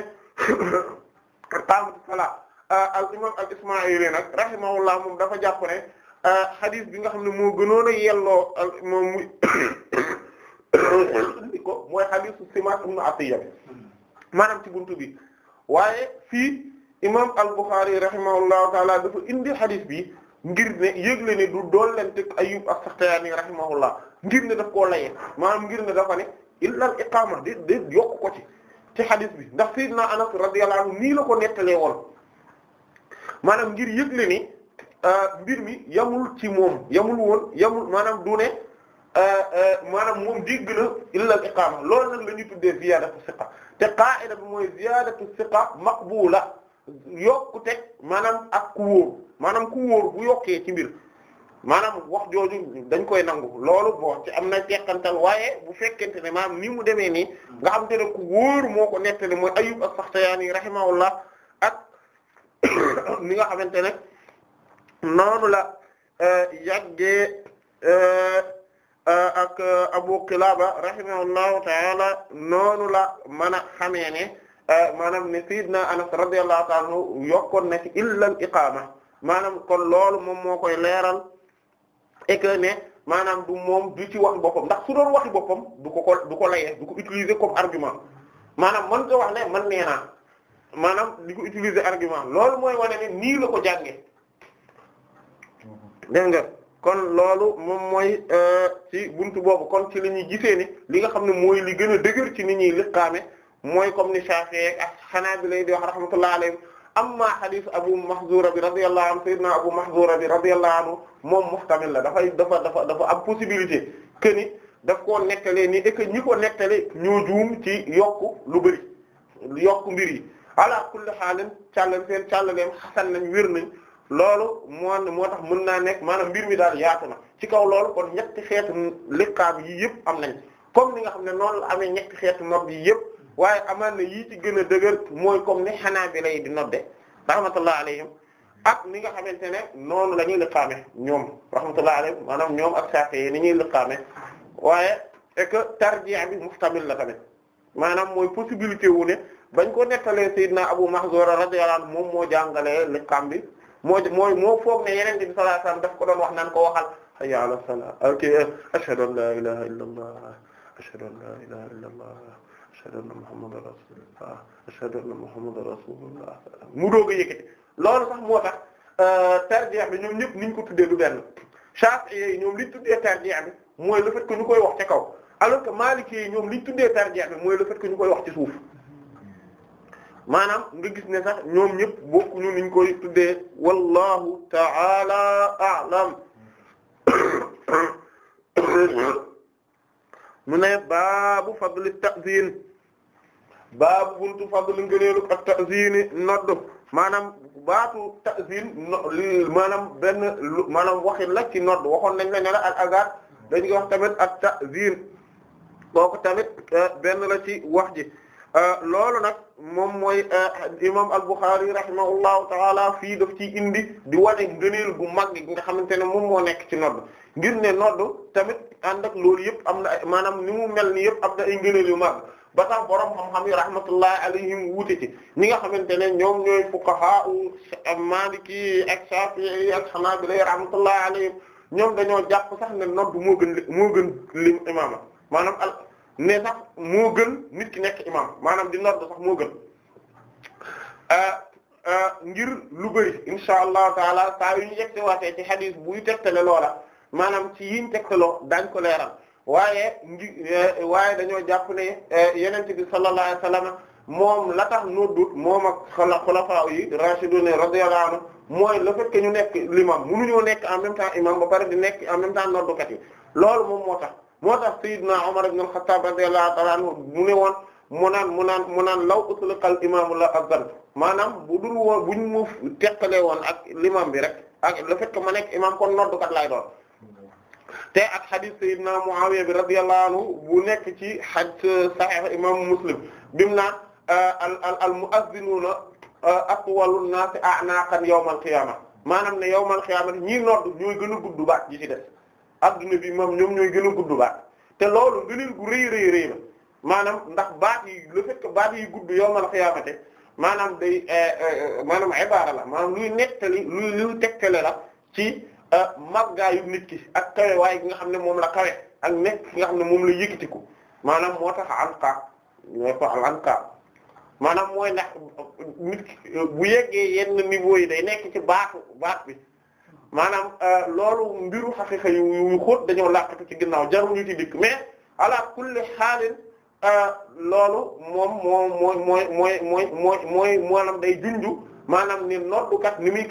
qad qaamati salaa Ah, al imam al ismaili nag rahimahullah moom dafa jàpp ne ah, xadis bi nga xam ne moo gënoon a yelloo moom muy indi ko mooy xadisu Simaak ibn Atiyya maanaam ci buntu bi waaye fii imam al Bukhari rahimahullahu taala dafa indi xadis bi ngir ne yëgle ne du doolente Ayyub as-Saxtiyaani rahimahullah ngir ne daf koo laye maanaam ngir ne dafa ne illal iqaama de de yokk ko ci ci xadis bi ndax Sayyidina Anas radiyallahu anhu nii la ko nettalee woon maanaam ngir yëg ne ni euh, mbir mi yamul ci moom yamul woon yamul maanaam du euh, euh, maanaam moom dégg na illa al iqaama loolu nag la ñuy tuddee ziyaadatu siqa te qaa'ida bi mooy ziyaadatu siqa maqbuula yokku teg maanaam ak ku wóor maanaam ku wóor bu yokkee ci mbir maanaam wax jooju dañ koy nangu loolu boo ci am na teqantal waaye bu fekkente ne maanaam ni mu demee nii nga xam te ku wóor moo ko nettali mooy Ayyub as-Saxtiyaani rahimahullah ak ni nga xamante ne noonu la euh, yàggee euh, euh, ak Abu Qilaba rahimahullahu ta'ala noonu la mën a xamee ne maanaam ne sayyidna Anas radiyallahu ta'ala anhu yokkoon na ci illal maanaam kon loolu moom moo koy leeral et que ne maanaam du moom du ci wax boppam ndax su doon waxi boppam du ko ko du ko layee du ko utiliser comme argument maanaam mën nga wax ne man nee maanaam di ko utiliser argument loolu mooy wane ne nii la ko jànge dégg nga kon loolu moom mooy euh, ci bunt boobu kon ci lañuy ñuy gisee ni li nga xam ne mooy li gën a dëgër ci nit ñi liqaame mooy comme ni Shafi'i ak Hanabila lay di wax rahmatullahi alayhim amma hadith Abu Mahzura bi radiyallahu anhu sayyidina Abu Mahzura bi radiyallahu anhu moom muhtamil la dafay dafa dafa dafa am possibilité que ni daf koo nettalee nii et que ñi ko nettalee ñoo juum ci yokk lu bari yokk mbir yi ala kulli xaalin càllal seen càllaleem xasan nañ wér nañ loolu moo moo tax mën naa nekk maanaam mbir mi daal yaatu na ci kaw loolu kon ñetti xeetu liqaab yi yëpp am nañ comme ni nga xam ne noonu la amee ñetti xeetu nodd yi yëpp waaye amaan na yii ci gën a dëgër mooy comme ni xanaa bi lay di nodde rahmatullah alayhim ak ni nga xamante ne noonu la ñuy liqaame ñoom rahmatullah alayhim maanaam ñoom ak saafee ni ñuy liqaame waaye et que tarjih bi muhtamil la tamit maanaam mooy possibilité wu ne bañ ko nettalee Seydina Abu Mahzura radiyallahu anhu moom moo jàngalee liqaam bi moo moo moo foog ne yeneen bi sallallahu alayhi wasallam daf ko doon wax naan ko waxal hayya ala salaa ok ashhadu an la ilaha illa allah ashhadu an la ilaha illa allah ashhadu mu doog a yëkkati loolu sax moo tax euh, tarjih bi ñoom ñëpp niñ ko tuddee du benn Shafi'i yi ñoom liñ tuddee tarjih bi mooy le fait que ñu koy wax ca kaw alors que Maliki yi ñoom liñ tuddee tarjih bi mooy la fait que ñu koy wax ci suuf maanaam nga gis ne sax ñoom ñëpp bokkuñu niñ koy tuddee wallahu ta'ala a'lam mu ne baabu fadli ta'zin baabu buntu fadli ngëneelu ak ta'zini nodd maanaam baatu ta'zin no maanaam benn maanaam waxin la ci nodd waxoon nañ la ne la al azan dañ koy wax tamit ak ta'zin kooku tamit euh, benn la ci wax ji euh, loolu nag moom mooy eh, imam al-Bukhari rahimahullahu taala fii daf ciy indi di wane ngëneel gu mag gi nga xamante ne moom moo nekk ci nodd ngir ne nodd tamit ànd ak loolu yëpp am na maanaam ni mu mel ni yëpp am na ay ngëneel yu mag ba tax borom xam-xam yi rahmatullahi alayhim wuute ci ñi nga xamante ne ñoom ñooy fuqaha maliki ak shafi'i ak hanabila rahmatullahi alayhim ñoom dañoo jàpp sax ne nodd moo gën lim imaama maanaam al ne sax moo gën nit ki nekk imam maanaam di nodd sax moo gën euh, euh, ngir lu bëri insha allahu taala saa yu ñu yegg si waatee ci xadis buy tegtale loola maanaam ci yiñ tegtaloo daañ ko leeram waaye ngi euh, waaye dañoo jàpp ne yenente bi sallallahu alayhi wasallam moom la tax noddut moom ak xala xulafa yi rashidun radiyallahu anhu mooy le fait ñu nekk l'imam mënuñoo nekk en même temps imam ba pare di nekk en même temps noddukat loolu moom moo tax moo tax Seydina Umar ibn al-Khattab radiyallahu ta'ala anhu mu ne woon mu naan mu naan mu naan law utliqal imaamu la azan maanaam bu dul woon bu ñu mu teqalee woon ak l'imam bi rek ak le fait que nekk imam kon noddukat lay doon te ak hadith Seydina Muawiya bi radiyallahu anhu bu nekk ci hadith sahih imaamu Muslim bim naan ah, al al al mu'azzinuuna ah, atwalu naasi a'naaqan yawmal qiyaama maanaam ne yawmal qiyaama ñi nodd ñooy gën a gudd baat ji ci def adduna bi moom ñoom ñooy gën a gudd baax te loolu ngëneel gu rëy rëy rëy la maanaam ndax baat yi le fait que yi gudd yowmal xiyaamate maanaam day eh, eh, eh, maanaam ibaara la maanaam luy nettali luy luy tegtale la ci màggaayu nit ki ak kawe waaye nga xam ne moom la kawe ak nekk ki nga xam ne moom la yëkkatiku maanaam moo tax anqa maanaam mooy ndax nit ki bu yeggee yenn niveau yi day nekk ci baatu baat bi maanaam euh, loolu mbiru xaqiqa yu yu xóot dañoo làqatu ci ginnaaw jarul di ci dikk mais ala kulli xaalin euh, loolu moom moo mooy mooy mooy mooy mooy mooy maanaam day junju maanaam ni noddukat ni muy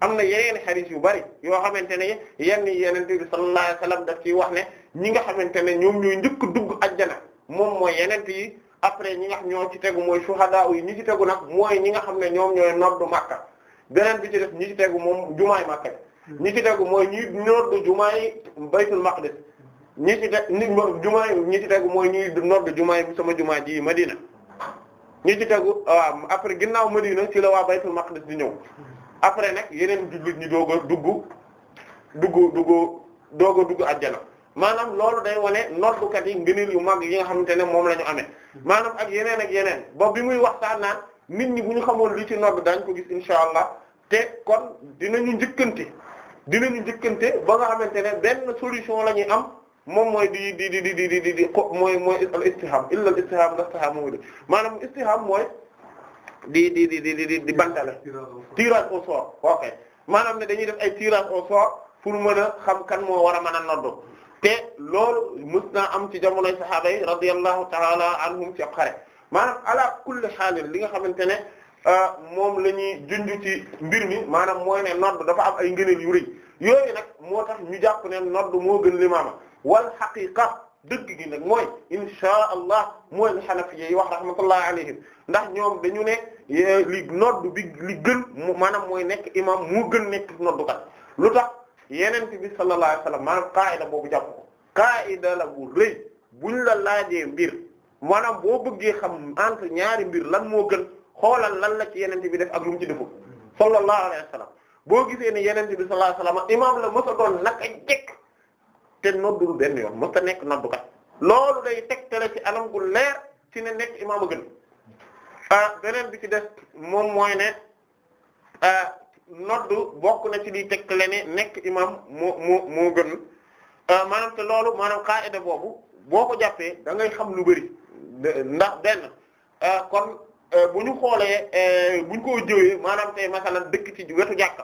am na yeneen xaris yu bari yoo xamante ne yenn yeneen bi sallallahu alayhi wasallam daf ciy wax ne ñi nga xamante ne ñoom ñooy njëkk dugg ajjana moom mooy yeneen yi après ñi nga xam ñoo ci tegu mooy suhadaa yi ñi ci tegu nag mooy ñi nga xam ne ñoom ñooy noddu Makka beneen bi ci def ñi ci tegu moom jumaay Makka hmm. ñi ci tegu mooy ñi nodd jumaay Baytul Maqdis ñi ci teg nit jumaay ñi ci tegu mooy ñi nodd jumaay sama jumaa ji Madina ñi ci tegu waaw ah, après ginnaaw Madina ci la waa Baytul Maqdis di ñëw après nag yeneen jullit ñi doog a dugg dugg dugg doog a dugg àjjana maanaam loolu day wane noddukat yi ngëneel yu mag yi nga xamante ne moom lañu ñu amee maanaam ak yeneen ak yeneen ba bi muy waxtaan naan nit ñi bu ñu xamoon li ci nodd daañ ko gis insha allah te kon dina ñu njëkkante dinañu njëkkante ba nga xamante ne benn solution la ñuy am moom mooy di di di di di di di mooy mooy al istiham illa al istiham maanaam istiham mooy di di di di di di bantale. tirage au sort ok maanaam ne dañuy def ay tirage au sort pour mën a xam kan moo war a mën a noddu te loolu mës naa am ci jamonoy saxaaba yi radiyallahu ta'ala anhum ci ab xare maanaam ala kulli xaalin li nga xamante ne. Ah, moom la ñuy junj ci mbir mi maanaam mooy ne nodd dafa am ay ngëneel yu rëy yooyu nag moo tax ñu jàpp ne nodd moo gën limaama wal xaqiqa dëkk gi nag mooy inshaa allah mooy li xanafiya yi wax rahmatullahi alayhim ndax ñoom dañu ne eh, li nodd bi li gën maanaam mooy nekk imam moo gën nekk noddukat lu tax yeneen bi sallallahu wasallam maanaam qaida boobu jàpp ko qaida la bu rëy la laajee mbir maanaam boo bëggee xam entre ñaari mbir lan moo gën xoolal lan la ci yeneen bi def ak lu mu ci defu sallallahu alayhi wa sallam boo gisee ne yeneen bi sallallahu alayhi wa sallam imaam la mës a doon naka jekk te noddul benn yoon mës a nekk noddukat loolu day tegtale ci anam gu leer ci ne nekk imaam a gën ah beneen bi ci des moom mooy ne ah noddu bokk na ci liy tegtale ne nekk imaam moo moo moo gën ah, maanaam te loolu maanaam qaida boobu boo ko jàppee da ngay xam lu bari ndax benn ah, kon. Euh, bu ñu xoolee euh, bu ñu ko jëwee maanaam tey masalan dëkk ci wetu jàkka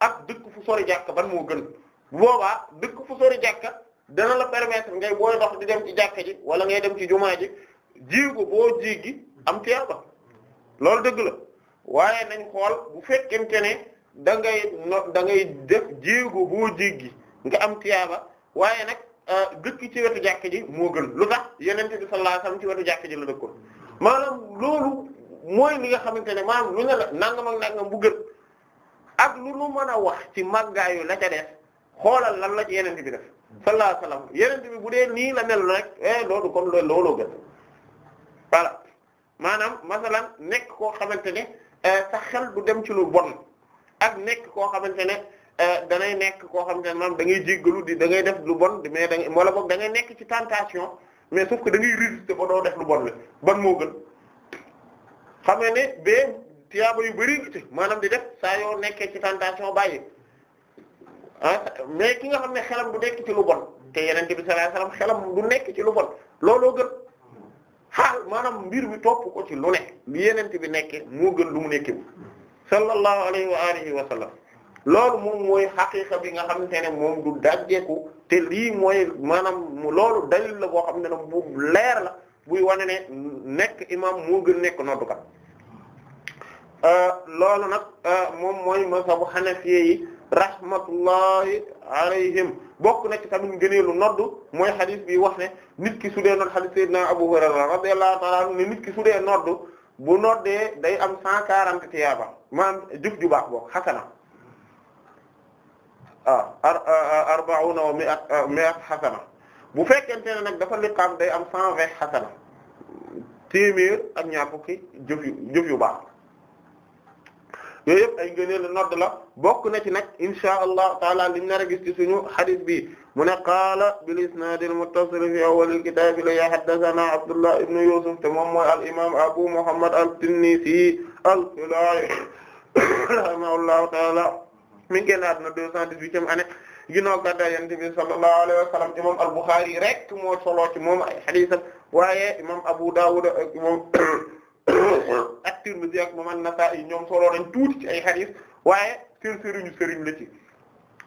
ak dëkk fu sori jàkka ban moo gën bu boobaa dëkk fu sori jàkka dana la permettre ngay booy dox di dem ci jàkka ji wala ngay dem ci jumaa ji ji ko boo ji gi am teer ba loolu dëgg nañ xool bu fekkente ne da ngay da ngay def jéego boo jéggi nga am tiyaaba waaye nag euh, dëkk ci wetu jàkk ji moo gën lu tax yeneen bi sallallahu alayhi wasallam ci wetu jàkk ji la dëkkoon maanaam loolu mooy li nga xamante ne maanaam lu ne la nangam bu gën ak lu nu mën a wax ci màggaayu la ca def xoolal lan la ci yeneen bi def sallallahu alayhi wasallam yeneen bi bu dee nii la mel rek eh, loolu kon loolu looloo gën voilà maanaam masalan nekk koo xamante ne eh, sa xel du dem ci lu bon ak nekk koo xamante ne eh, danay nekk koo xamante ne maanaam da ngay jéggalu di da ngay def lu bon mais da ngay wala boog da nekk ci tentation mais sauf que da ngay ba doo def lu bon la ban moo gën. xam nga ne bee tiyaaba yu bari ci maanaam di def saa yoo nekkee ci tentation bàyyi ah mais ki nga xam ne xelam du nekk ci lu bon te yeneen bi sallallahu alayhi wasallam xelam du ci lu looloo gën xaal maanaam mbir bi topp ko ci lu ne li yeneen bi nekkee moo gën lu mu nekkee sallallahu alayhi wa alihi wa sallam loolu moom mooy xaqiqa bi nga xamante ne moom du dajjeeku te lii mooy maanaam loolu dalil la boo xam ne bu leer la buy wane ne nekk imam moo gën nekk noddukat Euh, loolu nag euh, moom mooy mazhabu xanafi yi rahmatullahi alayhim bokk na ci tamit ngëneelu noddu mooy xadis bi wax ne nit ki su dee nodd xadis sayyidina Abu Hurayra radiyallahu ta'ala anhu ne nit ki su dee noddu bu noddee day am cent quarante tiyaaba maanaam jëf ju baax bokk xasana ah euh, arba'una wa mi'at mi'at xasana bu fekkente ne nag dafa liqaam day am cent vingt xasana téeméer ak ñaar fukki jëf yu jëf yu baax yooyu yëpp ay ngëneelu nodd la bokk na ci nag inshaa allahu taala liñ nar a gis ci suñu hadith bi mu ne qaala bil isnaad al muttasil fi awwal al kitaab la ya haddathana yusuf te moom al imam abu muhammad al tinnisi al kilaa'i rahimahullahu taala mi ngi génnaat na deux cent dix-huitième année ginnaaw gàddaay Yonent bi sallallahu alayhi wa sallam imam al bukhari rek moo solo ci moom ay hadith waaye imam abu dawud ak Tirmidhi ak moom an-Nasa'i ñoom solo nañ tuuti ci ay hadith waaye seen sëriñu sëriñ la ci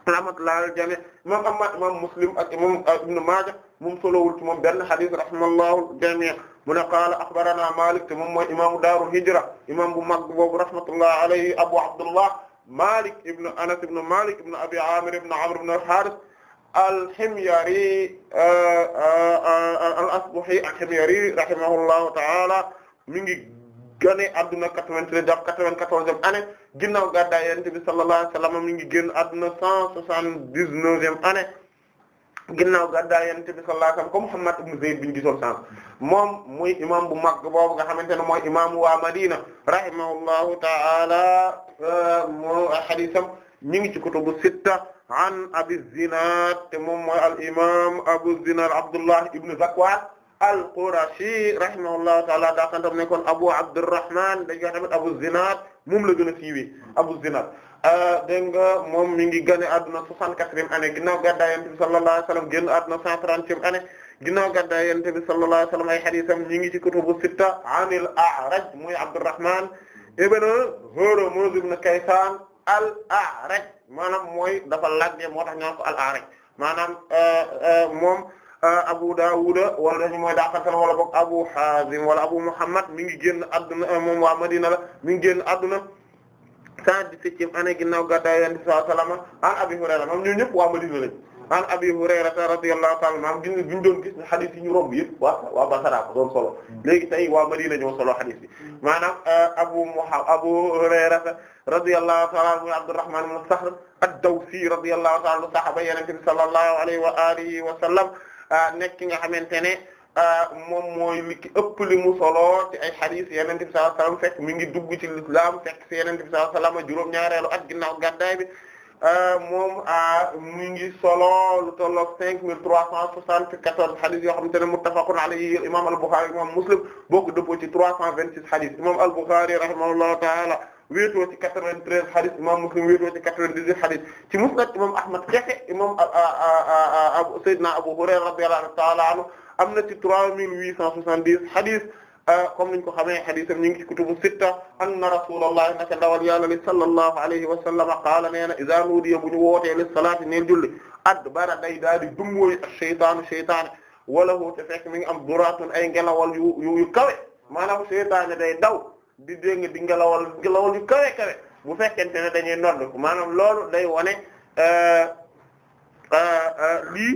rahmatullah al jami moom amma imam Muslim ak imam ah, Ibn Maaja moom solowul ci moom benn hadith rahmallahu jami mu ne qaala akhbarana Malik te moom mooy imaamu daaru hijra imam bu mag boobu rahmatullah alayhi Abu Abdullah Malik ibn Anas ibn Malik ibn Abi Amir ibn Amr ibn al-Harith al-Himyari ah, ah, al-Asbahi al-Himyari rahimahullahu ta'ala mi ngi gane adduna quatre-vingt-treize jàpp quatre-vingt-quatorzième année ginnaaw gàddaay yonent sallallahu alayhi wa sallam génn adduna cent soixante-dix-neuvième année ginnaaw gàddaay bi sallallahu alayhi wa sallam comme Muhammad ibn Zayd biñu gisoon sànq moom muy imam bu mag boobu nga xamante ne mooy imam waa Madina rahimahullahu ta'ala moo hadiisam ñi ngi ci kutubu sitta an Abi Zinad te moom mooy al imam Abu Zinad Abdullah ibn Zakwaan al-Qurashi rahimahullahu ta'ala daa santam ne kon Abu Abdurrahman dañ koy tamit Abu Zinad moom la gën a siiwee Abu Zinad euh, dégg nga moom mi ngi gane adduna soixante-quatrième année ginnaaw gàddaay Yonent bi sallallahu alayhi wasallam génn adduna cent trentième année ginnaaw gàddaay Yonent bi sallallahu alayhi wasallam ay hadiisam ñi ngi ci kutubu sitta anil A'raj muy Abdurrahman ibn Hurmuz ibn Kaysan al-A'raj maanaam mooy dafa lajjee moo tax ñu ko al-A'raj maanaam euh, euh, moom Euh, Abu Dawud wala dañu mooy daqatan wala boog Abu Hazim wala Abu Muhammad mi ngi génn adduna euh, moom waa Madina la mi ngi génn adduna cent dix-septième année ginnaaw gàddaay Yonent bi sallallahu alayhi wa sallam an Abi Hurayra moom ñun ñëpp waa Madina lañ an Abi Hurayra radiyallahu ta'ala maam gis nga bi ñu doon gis ne xadis yi ñu romb yëpp waa waa Basra ko doon solo léegi tey waa Madina ñoo solo xadis bi maanaam euh, Abu Muhammad Abu Hurayra radiyallahu ta'ala anhu Abdurrahman ibn Saxr ad-Dawsi radiyallahu ta'ala saxaaba Yonent bi sallallahu alayhi wa alihi wa sallam Ah, nekk ki nga xamante ne ah, moom mooy li ki ëpp li mu solo ci ay xadis yonent bi sallallahu alayhi ngi dugg ci lislaam fekk si yonent bi sallallahu alayhi wasallam juróom-ñaareelu at ginnaaw gàddaay bi ah, moom mi ngi solo lu tolloog cinq mille trois cent soixante-quatorze xadis yoo ne muttafaqun alayhi imam al-Bukhari imam Muslim bokk dëppoo ci trois cent vingt-six xadis imam al-Bukhari rahimahullahu ta'ala wéetoo ci 93 hadith imam Muslim wéetoo ci 98 hadith ci musnad imam Ahmad kexe imam Seydina Abu Hurayra radiyallahu ta'ala anhu am na ci 3870 hadith euh, comme niñ ko xamee haditham ñu ngi ci kutubu sitta anna rasulullah naka ndawal yàlla li sallallahu alayhi wa sallam qaala nee na idha nudiya bu ñu wootee li day daal di dummóoyu ak shaytaanu shaytaane wala hu te fekk mi ngi am duratun ay ngelawal yu yu kawe maanaam shaytaane day daw di dégg di ngelawal ngelawal yu kawe kawe bu fekkente ne dañuy nodd maanaam loolu day wone euh, euh, euh, lii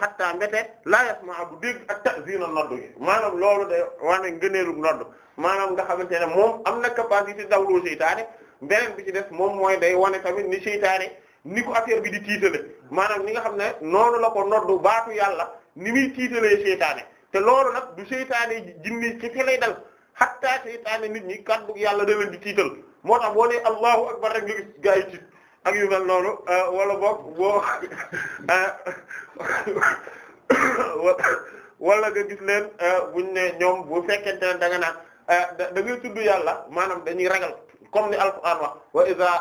xattaa mbete laa yasmaa bu dégg ak ta'zina nodd gi maanaam loolu day wane ngëneelug nodd maanaam nga xamante ne moom am na capacité dawloo seytaane beneen bi ci def moom mooy day wane tamit ni seytaane ni ko affaire bi di tiitale maanaam ni nga xam ne noonu la ko nodd baatu yàlla ni muy tiitalee seytaane te loolu nag du seytaane jinni ci lay dal xatta seytaane nit ñi kaddu yàlla da leen di tiital moo tax boo ne allahu akbar rek nga gis gaa yi ak yu mel noonu euh, wala boog boo euh, wala nga gis leen euh, buñ ne ñoom bu fekkente ne da nga naan da ngay tudd yàlla maanaam dañuy ragal comme ni alquran wax wa idha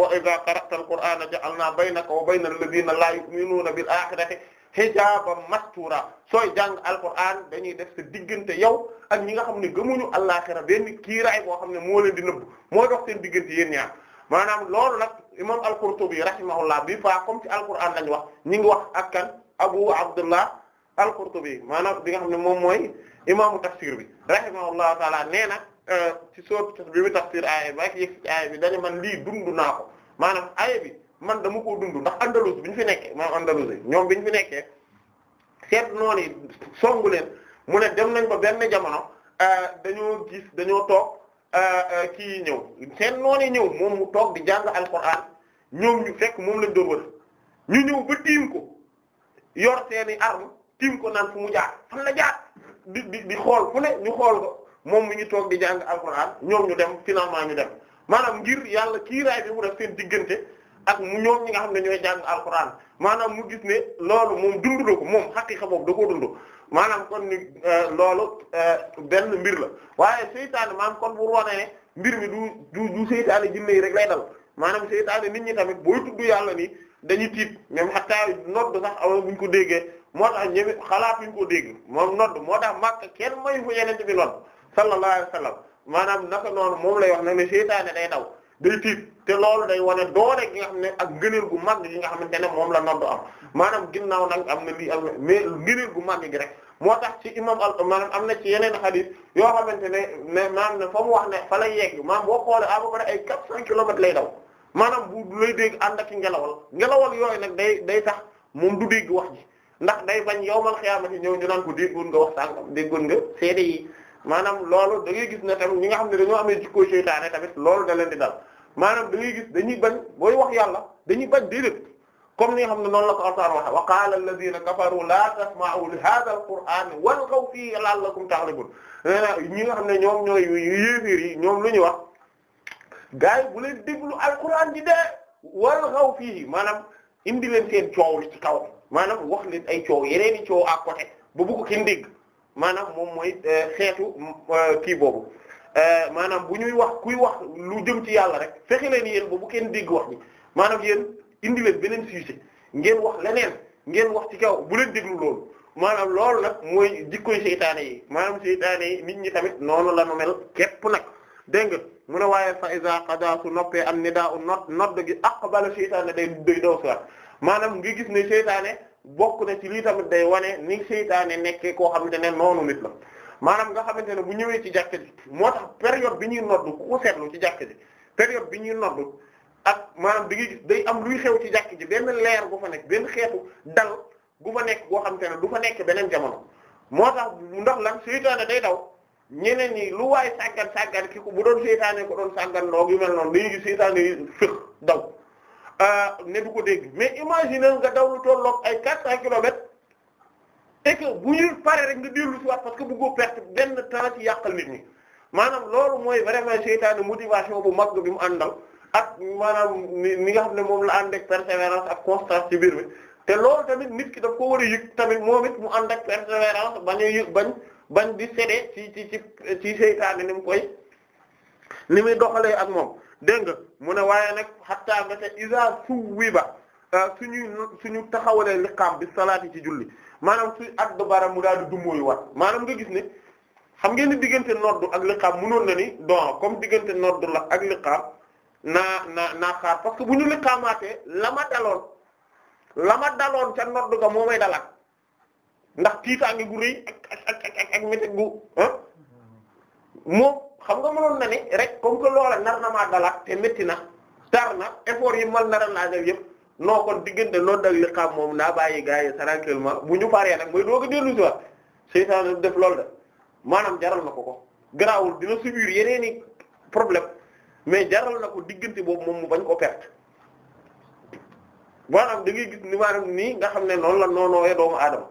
wa idha qara'ta alqur'ana ja'alna baynaka wa bayna alladhina la yu'minuna bil akhirati hijaaba mastura sooy jàng alquran dañuy def sa diggante yow ak ñi nga xam ne gëmuñu àllaxira benn ay boo xam ne moo leen di nëbb moo dox seen diggante yéen ñaar maanaam loolu nag imam al-Qurtubi rahimahullah bi fa comme ci alquran lañ wax ñi ngi wax ak kan Abu Abdullah al-Qurtubi maanaam bi nga xam ne moom mooy imaamu tafsir bi rahimahullahu taala nee na euh, ci soot bi mu tafsir aaya bi ak yëg ci aaya bi man lii dund naa ko maanaam aaya bi man dama ko dund ndax Andalus bi ñu fi nekkee maam Andalus ñoom bi ñu fi nekkee seet noonu yi songu leen mu ne dem nañ ba benn jamono euh, dañoo gis dañoo toog euh, euh, kii ñëw seen noonu ñëw moom mu toog di jàng alquran ñoom ñu fekk moom lañ doon ñu ñëw ba ko yor seeni arme tiim ko naan mu jaar fan la jaar di di xool fu ñu xool ko moom mi ñu toog di jàng alquran ñoom ñu dem finalement ñu dem maanaam ngir yàlla kiiraay bi mu def seen diggante. ak ñoom ñi nga xam ne ñooy jàng alxuraan maanaam mu gis ne loolu moom dund na moom xaqiqa boobu da koo dund maanaam kon ni euh, loolu euh, benn mbir la waaye seytaane maanaam kon bu wane mbir mi du du du seytaane jinne yi rek lay dal maanaam seytaane nit ñi tamit booy tudd yàlla ni dañuy tiit même xataa nodd sax awa buñ ko déggee moo tax xalaat buñ ko dégg moom nodd moo tax màkk kenn mayu fa yeneen bi nodd sallallahu alayhi wasallam maanaam naka noonu moom lay wax nag ne seytaane day daw. day tiit te loolu day wane doole gi nga xam ne ak ngëneel gu mag gi nga xamante ne moom la noddu am maanaam ginnaaw nag am na lii am na mais ngëneel gu mag gi rek moo tax ci imam al maanaam am na ci yeneen xadiis yoo xamante ne ne maanaam ne fa mu wax ne fa lay yegg maanaam boo xoolee à peu près ay 400 kilomètres lay daw maanaam bu lay dégg ànd ak ngelawal ngelawal yooyu nag day day tax moom du dégg wax ji ndax day bañ yowmal xiyaamati ñëw ñu naan ko déggoon nga wax sàngam déggoon nga seede yi maanaam loolu da ngay gis ne tamit ñi nga xam ne dañoo amee jikko seytaane tamit loolu da leen di dal maanaam da ngay gis dañuy bañ booy wax yàlla dañuy bañ déedéet comme ni nga xam ne noonu la ko alquraan waxe wa qaala alladhiina kafaru laa tasma'u li hadha alqur'aani walghaw fiihi la'allakum taghlibun ñi nga xam ne ñoom ñooy yéeféer yi ñoom lu ñu wax gaay bu leen déglu alquraan di dee walghaw fiihi maanaam indi leen seen coow li ci kaw maanaam wax leen ay coow yeneen i coow à côté ba bu ko kenn dégg maanaam moom mooy euh, xeetu euh, kii boobu Eh, maanaam bu ñuy wax kuy wax lu jëm ci yàlla rek fexe leen yéen ba bu kenn dégg wax bi maanaam yéen indi leen beneen sujet ngeen wax leneen ngeen wax ci kaw bu leen déglu loolu maanaam lool nag mooy jikkoy seytaane yi maanaam seytaane yi nit ñi tamit noonu la nu mel képp nag dégg nga mu ne waaye fa iza qada su noppee am ni daa u nodd gi aqbala seytaane day day daw si maanaam nga gis ne seytaane bokk na ci lii tamit day wane ni seytaane nekkee koo xamante ne noonu nit la maanaam nga xamante ne bu ñëwee ci jàkka ji moo tax période bi ñuy noddu ku ko seetlu ci jàkka ji période bi ñuy noddu ak maanaam bi nga day am luy xew ci jàkka ji benn leer bu fa nekk benn xeetu dal gu fa nekk boo xamante ne du fa nekk beneen jamono moo tax ndax lan seytaane day daw ñeneen ñi lu waaye sàggan sàggan ki ko bu doon seytaane ko doon sàggan noog yu mel noonu dañuy gis seytaane yi fëx daw euh, ne du ko dégg mais imagine nga daw lu tolloog ay 400 kilomètres et bu ñu paree rek nga dellu parce que bëggoo perte benn temps ci yàqal nit ñi maanaam loolu mooy vraiment seytaane motivation bu mag bi mu àndal ak maanaam ni nga xam ne moom la ànd ak persévérance ak bi te loolu tamit nit ki daf ko war a yëg tamit moom mu ànd ak persévérance ba a yëg bañ bañ di séddee ci ci ci ci seytaane ni mu koy ni doxalee ak moom dégg nga mu ne waaye nag xattaa nga te isa suw wi ba euh, suñuy suñu taxawalee liqaam bi salaati ci julli maanaam su addu bara mu daal di dummóoyu wat maanaam nga gis ne xam ngeen ni diggante noddu ak liqaam mënoon na ni don comme diggante noddu la ak liqaam naa xaar parce bu ñu liqaamaatee la ma daloon la ma daloon ca noddu ga moo may ndax tiitaange gu rëy ak ak ak ak gu moom xam nga mënoon na ne rek comme que loola nar na maa dalaat te métti na tar na effort yi mal nar a laajal yëpp non kon diggante loolu ak liqaam moom naa bàyyi gars yi tranquillement bu ñu paree nag mooy ko a dellu si waat seytaane def loolu de maanaam jaral na ko ko garaawul dina subir yeneen problème mais jaral na ko diggante boobu moom mu bañ ko perte maanaam da ngay gis ni maanaam nii nga xam ne noonu la noonooyee doomu aadama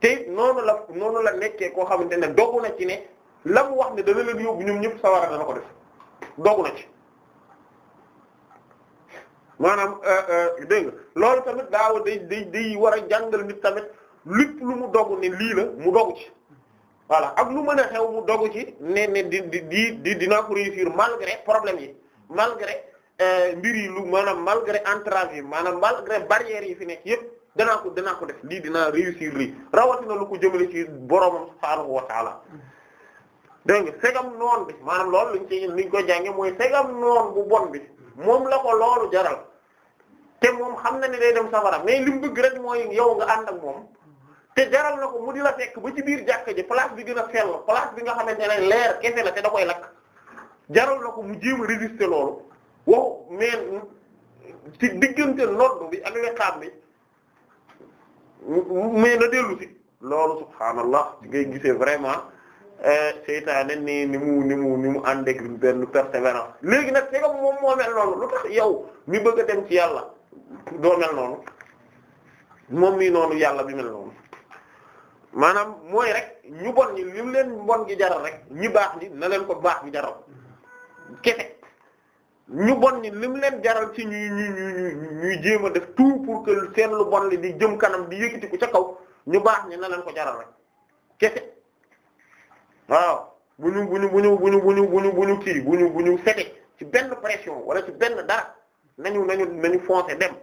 te noonu la noonu la nekkee koo xamante ne dogu na ci ne la mu wax ne dana leen yóbbu ñoom ñëpp sawara dana ko def dogu na ci maanaam euh, euh, dégg nga loolu tamit daaw day day day war a jàngal nit tamit lépp lu mu dogu ne lii la mu dogu ci voilà ak lu mën a xew mu dogu ci ne ne di di di dinaa ko réussir malgré problème yi malgré euh, mbir yi lu maanaam malgré entrave yi maanaam malgré barrières yi fi nekk yépp danaa ko danaa ko def lii dinaa réussir lii rawatina lu ko jëmale ci boromam subhaanahu wa ta'ala dégg nga noon bi maanaam loolu luñ ci liñ ko jànge mooy segam noon bu bon bi moom la ko loolu jaral te moom xam na ne day dem safara mais li mu bëgg rek mooy yow nga ànd ak moom te jaral na ko mu di la fekk ba ci biir jàkka ji place bi gën a sell place bi nga xamante leer kese la te da koy lakk jaral na ko mu jéem a résister loolu wow mais ci diggante nodd bi ak weqaam bi na dellu loolu subhaanallah di ngay gisee vraiment euh, seytaane ni ni mu ni mu ni mu ànd ak benn léegi nag c'est comme moom moo mel noonu tax yow mi bëgg a dem ci yàlla doo mel noonu moom mii noonu yàlla bi mel noonu maanaam mooy rek ñu bon ñi li mu leen bon gi jaral rek ñi baax ñi na leen ko baax bi jaral kese ñu bon ñi li mu leen jaral ci ñuy ñuy ñuy ñuy jéem a def tout pour que seen lu bon li di jëm kanam di yëkkati ko ca kaw ñu baax ñi na leen ko jaral rek kese waaw bu ñu bu ñu bu ñu bu ñu bu ñu bu ñu bu ñu kii bu ñu bu ñu fete ci benn pression wala ci benn dara nañu nañu nañu foncer dem.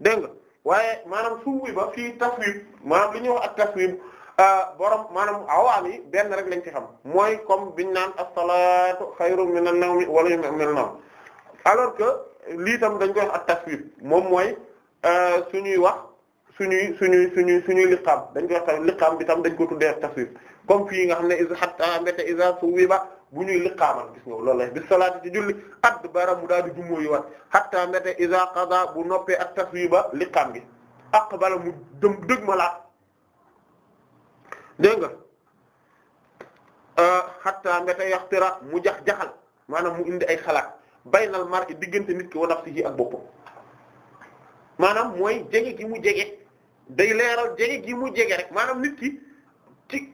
dégg nga waaye maanaam suubi ba fii taswib maanaam li ñuy wax ak taswib euh, borom maanaam awaam yi benn rek lañ ci xam mooy comme biñ naan as-salaatu xayrun mina nawmi wala yu mel noonu alors que lii tam dañ koy wax ak taswib moom mooy euh, suñuy wax suñuy suñuy suñuy suñuy liqaam dañ koy wax tam liqaam bi tam dañ ko tuddee ak taswib comme fii nga xam ne is hatta mbéte isa ba bu ñuy liqaamal gis nga loolu lay bi salaati ci julli bara mu daal di jummóoyu wat hatta mbéte iza qada bu noppee ak taswiba liqaam gi aqbala mu dëm dëg ma laat dégg nga euh, hatta yaxtira mu jax-jaxal maanaam mu indi ay xalaat baynal mar'i diggante nit ki wa nafsihi ak boppam maanaam mooy jege gi mu jege day leeral jege gi mu jege rek maanaam nit ki ci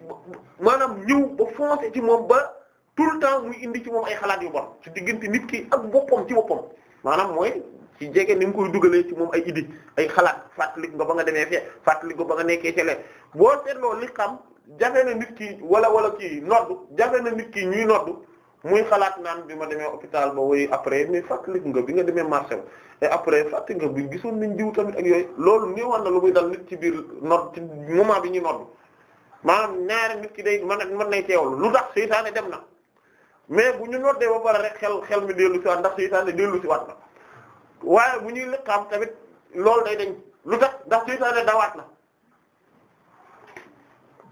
maanaam ñëw ba ci moom ba tout le temps muy indi ci moom ay xalaat yu bon ci diggante nit ki ak boppam ci boppam maanaam mooy ci jege ni nga koy dugalee ci moom ay iddi ay xalaat fàttali nga ba nga demee fàttali nga ba nga nekkee cele boo seetloo li xam jafe na nit ki wala wala kii noddu jafe na nit ki ñuy noddu muy xalaat naan bi ma demee hôpital ba woy après mais bi nga demee marché ba et après bi gisoon nañ jiw tamit ak yooyu loolu néewal na lu muy dal ci biir nodd ci moment bi ñuy noddu maanaam ñaari nit ki day mën mën nay teewlu lu tax seytaane dem na mais bu ñu noddee ba pare rek xel xel mi dellu si waat ndax seytaane dellu si waat na waaye bu ñuy liqaam tamit loolu day dañ lu tax ndax seytaane dawaat na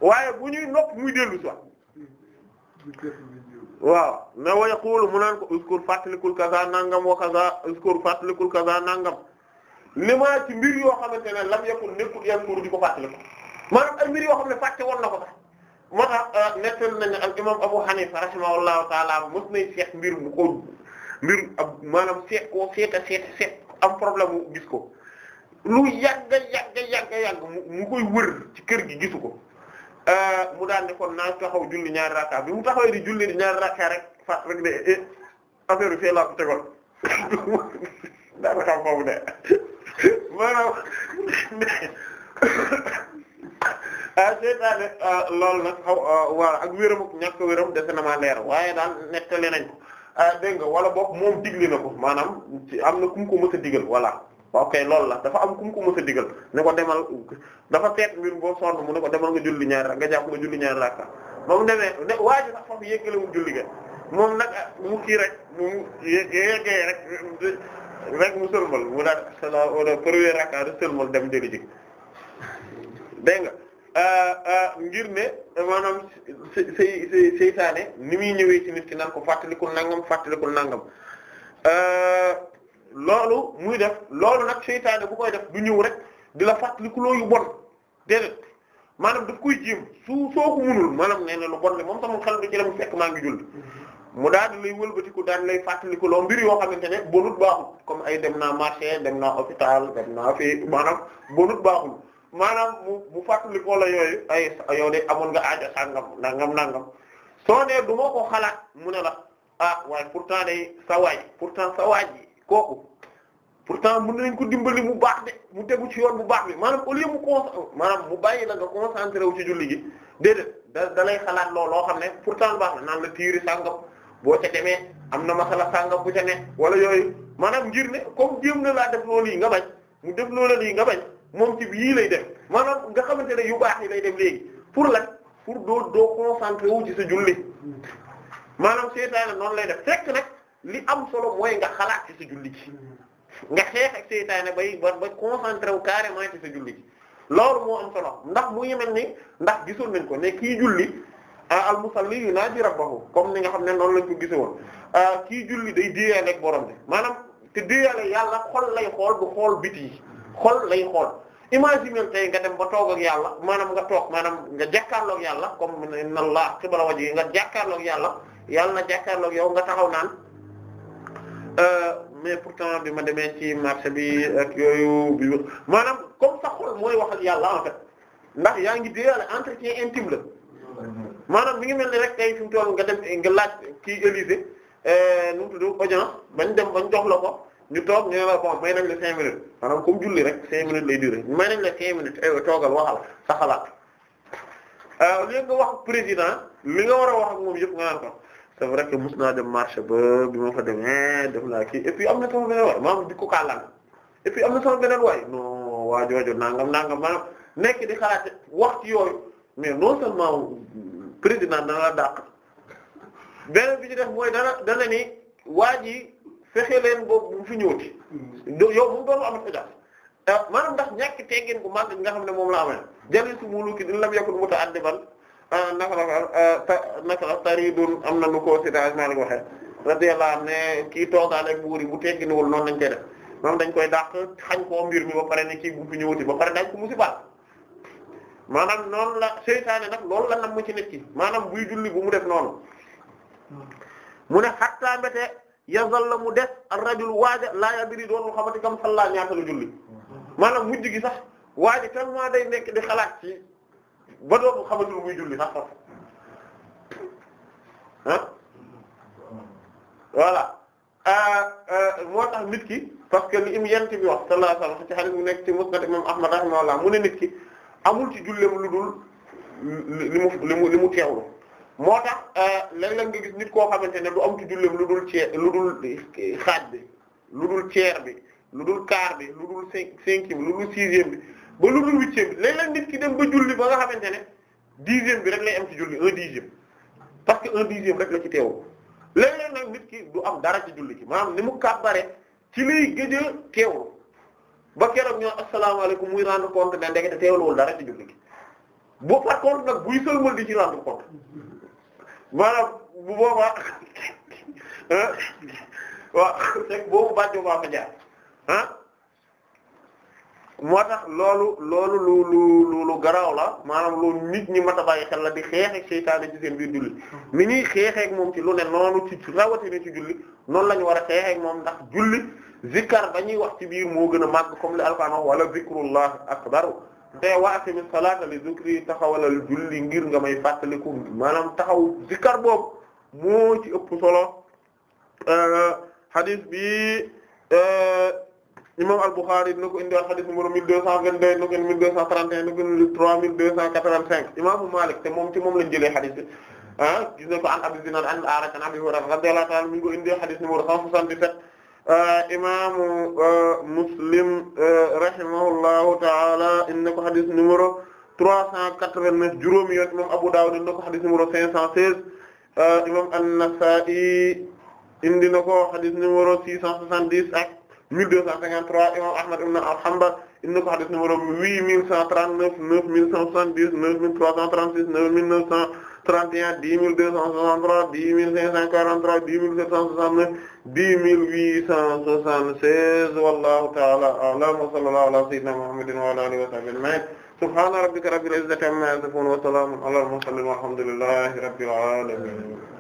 waaye bu ñuy nopp muy dellu si waat waaw na wa yaqulu mu naan ko uskur fàttalikul kaza nangam wa kaza uskur fàttalikul kaza nangam limaa ci mbir yoo xamante ne lam yakul nekkul yan pour di ko fàttaliku maanaam ay mbir yoo xam ne fàtte woon na ko sax moo tax euh, nettal nañu al imam Abu Hanifa rahimahullahu taala mos nay seet mbir mu ko mbir ab maanaam seet koo seet a am problème mu gis ko lu yàgga yàgga yàgga mu koy wër ci kër gi gisu ko euh, mu daal ne kon naa taxaw julli ñaari rakka bi mu taxawee di julli di ñaari rakka rek fa rek de eh, affaire fee laa ko tegoon daanaka xam foofu de maanaam Ah, seytaane ah, loolu nag xaw ah, waaw ak wéram ak ñàkk wéram dese na maa leer waaye daal nettali nañ ko dégg nga wala boog moom digle na ko maanaam am na ku mu ko mës a digal voilà ok loolu la dafa am ku mu ko mës a digal ne ko demal dafa seet mbir boo mu ne ko demal nga julli ñaari rakka nga jàpp nga julli ñaari rakka moom demee ne waa ji sax foofu yëggale mu julli ga moom nag mu kii rek mu yeggee rek rek mu sëlmal mu daal sa la première rakka rek dem jëli ji. dégg nga euh, euh, ngir ne maanaam say say seytaane ni muy ñëwee ci nit ki naan ko fàttaliku nangam fàttaliku nangam euh, loolu muy def loolu nag seytaane bu koy def du ñëw rek di la fàttaliku loo yu bon déedéet maanaam daf koy jéem su soo ko munul maanaam nee lu bon ne moom sama xel du ci dem fekk maa ngi julli mu daal di lay wëlbatiku daan lay fàttaliku loo mbir yoo xamante ne bonut baaxul comme ay dem naa marché dem naa hôpital dem naa fii maanaam bonut baaxul. maanaam mu mu fàttalikoo la yooyu ay yow de amoon nga aajo sàngam nangam nangam soo nee du ma ko xalaat mu ne la ah waaye pourtant day sa pour pourtant sa waay kooku pour pourtant mën nañ ko dimbali mu baax de mu tegu ci yoon bu baax bi maanaam au lieu mu con maanaam mu bàyyi la nga concentré wu ci julli da da xalaat loo loo xam ne pourtant baax na naan la tiiri sàngam boo ca demee am na masala sàngam bu ca ne wala yooyu maanaam njir ne comme jéem na laa def loolu yi nga bañ mu def loola lii nga bañ. moom ci yii lay dem maanaam nga xamante ne yu baax yi lay dem léegi pour lan pour doo doo concentré wu ci sa julli maanaam seytaane noonu lay def fekk nag li am solo mooy nga xalaat ci sa julli ci nga xeex ak seytaane bay ba ba concentré wu carrément ci sa julli ci loolu moo am solo ndax mu ngi mel ndax gisoon nañ ko ne kii julli al musalli yunaaji rabbahu comme ni nga xam ne noonu lañ ko gise woon kii julli day déeyaale ak borom bi maanaam te déeyaale yàlla xol lay xool du xool biti yi xol lay xool imagine tey nga dem ba toog ak yàlla maanaam nga toog maanaam nga jàkkaarloog yàlla comme inna allah qibala wajhi nga jàkkaarloog yàlla yàlla na jàkkaarloog yow nga taxaw naan euh, mais pourtant bi ma demee ci marché bi ak yooyu maanaam comme sa xol mooy wax ak yàlla en fait ndax yaa ngi déyàlla entretien intime la maanaam mi ngi mel ni rek tey fi mu toll nga dem nga laaj kii Élysée euh, nu mu tudd audience bañ dem bañ jox la ko ñu toog ñu ne la bon may nañ la cinq minutes maanaam comme julli rek cinq minutes lay durer may nañ la cinq minutes aywa toogal waxal sa xalaat euh, li nga wax président li nga war a wax ak moom yëpp nga naan ko c'est vrai que mos naa dem marché ba bi ma fa demee def naa kii et puis am na sama beneen waay maanaam di ko kàllaan et puis am na sama beneen waay non waa jooju nangam nangam maanaam nekk di xalaat wax ci yooyu mais non seulement président dana la dàq beneen fexe leen boobu bu fi ñëwti hmm. yow bu mu doon amat ijaasa ah, maanaam ndax ñàkk teggin bu màgg nga xam ne moom la amee jalisu muluki in lam yakun muta'addiban ah, naka la ah, naka la taridun am na nu ko Seydi Maalik waxee radiyallahu anhu ne kii toogaale ak buur yi bu tegginwul noonu lañ koy def moom koy dàq xañ koo mbir mi ba pare ne kii bu fi ñëwti ba pare dañ ko musibaat maanaam noon la seytaane nag lool la nam mu ci nit maanaam buy julli bu mu def noonu hmm. mu ne xattaa mbete yazal la mu des ar-rajul waaja laa yadri doonul xamante kam salla ñaata la julli maanaam mu gi sax waaji tellement day nekk di xalaat ci ba doonul xamante lu muy julli sax sax ah voilà euh, euh, moo tax nit ki parce que li im yent bi wax sallallahu alayhi wasallam ci hadith mu nekk ci musnad imam ahmad rahimahullah mu ne nit ki amul ci julleem lu dul li mu li mu li moo tax euh, léeg-léeg nga gis nit koo xamante ne du am ci lu dul ceer lu dul eh, xaaj bi lu dul tiers bi lu dul quart bi lu dul cinq cinquième lu dul sixième bi ba lu dul huitième bi léeg nit ki dem ba julli ba nga xamante ne dixième bi rek lay am ci julli un dixième parce que un dixième rek la ci teewu léeg-léeg nit ki du am dara ci julli gi maanaam ni mu kàbbare ci lay gëj a ba keroog ñoo asalaamaaleykum muy rendre compte ne ndekete teewluwul dara ci julli gi nag di ci rendre compte maanaam bu boobaa waaw fekk boobu bàjjo baa fa ah moo tax loolu loolu lu lu lu lu garaaw la maanaam loolu nit ñi mat bàyyi xel la di xeexeeg seytaane ci seen biir julli ni ñuy xeexeeg moom ci lu ne noonu ci rawatina ci julli noonu lañu war a xeexeeg moom ndax julli zikkar ba ñuy wax ci biir moo gën a màgg comme li Alxuraan wax wala zikrullahi akbar te waatimi salaata li zikri taxawalal julli ngir nga may fàttaliku maanaam taxaw zikar boobu moo ci ëpp solo hadith bi imam al-Bukhari dina ko indi ak hadith numéro 1222 dina ko indi 1231 dina ko indi 3285 imaamu Malik te moom ci moom lañ jëlee hadith bi ah gis na ko an Abi Zinad an A'raj an mi ko indi hadith numéro 167 Euh, imaamu euh, Muslim euh, rahimahullahu ta'ala inna ko hadith numéro trois cent quatre-vingt-neuf juróomi yoon imam Abu Dawud inna hadith numéro cinq cent seize imam An-Nasa'i indi na ko hadith numéro six cent soixante-dix ak deux cent cinquante-trois imam Ahmad ibn al-Hanbal indi hadith numéro huit mille cent trente-neuf, neuf mille cent soixante-dix, neuf mille trois cent trente-six, neuf mille neuf cents 31 10263 10543 10769 10876 wallahu ta'ala a'lam wa sallallahu ala sayyidina muhammadin wa ala alihi wa sahbihi ajma'in subhana rabbika rabbil izzati amma yasifun wa salamun ala al mursalin walhamdulillahi rabbil alamin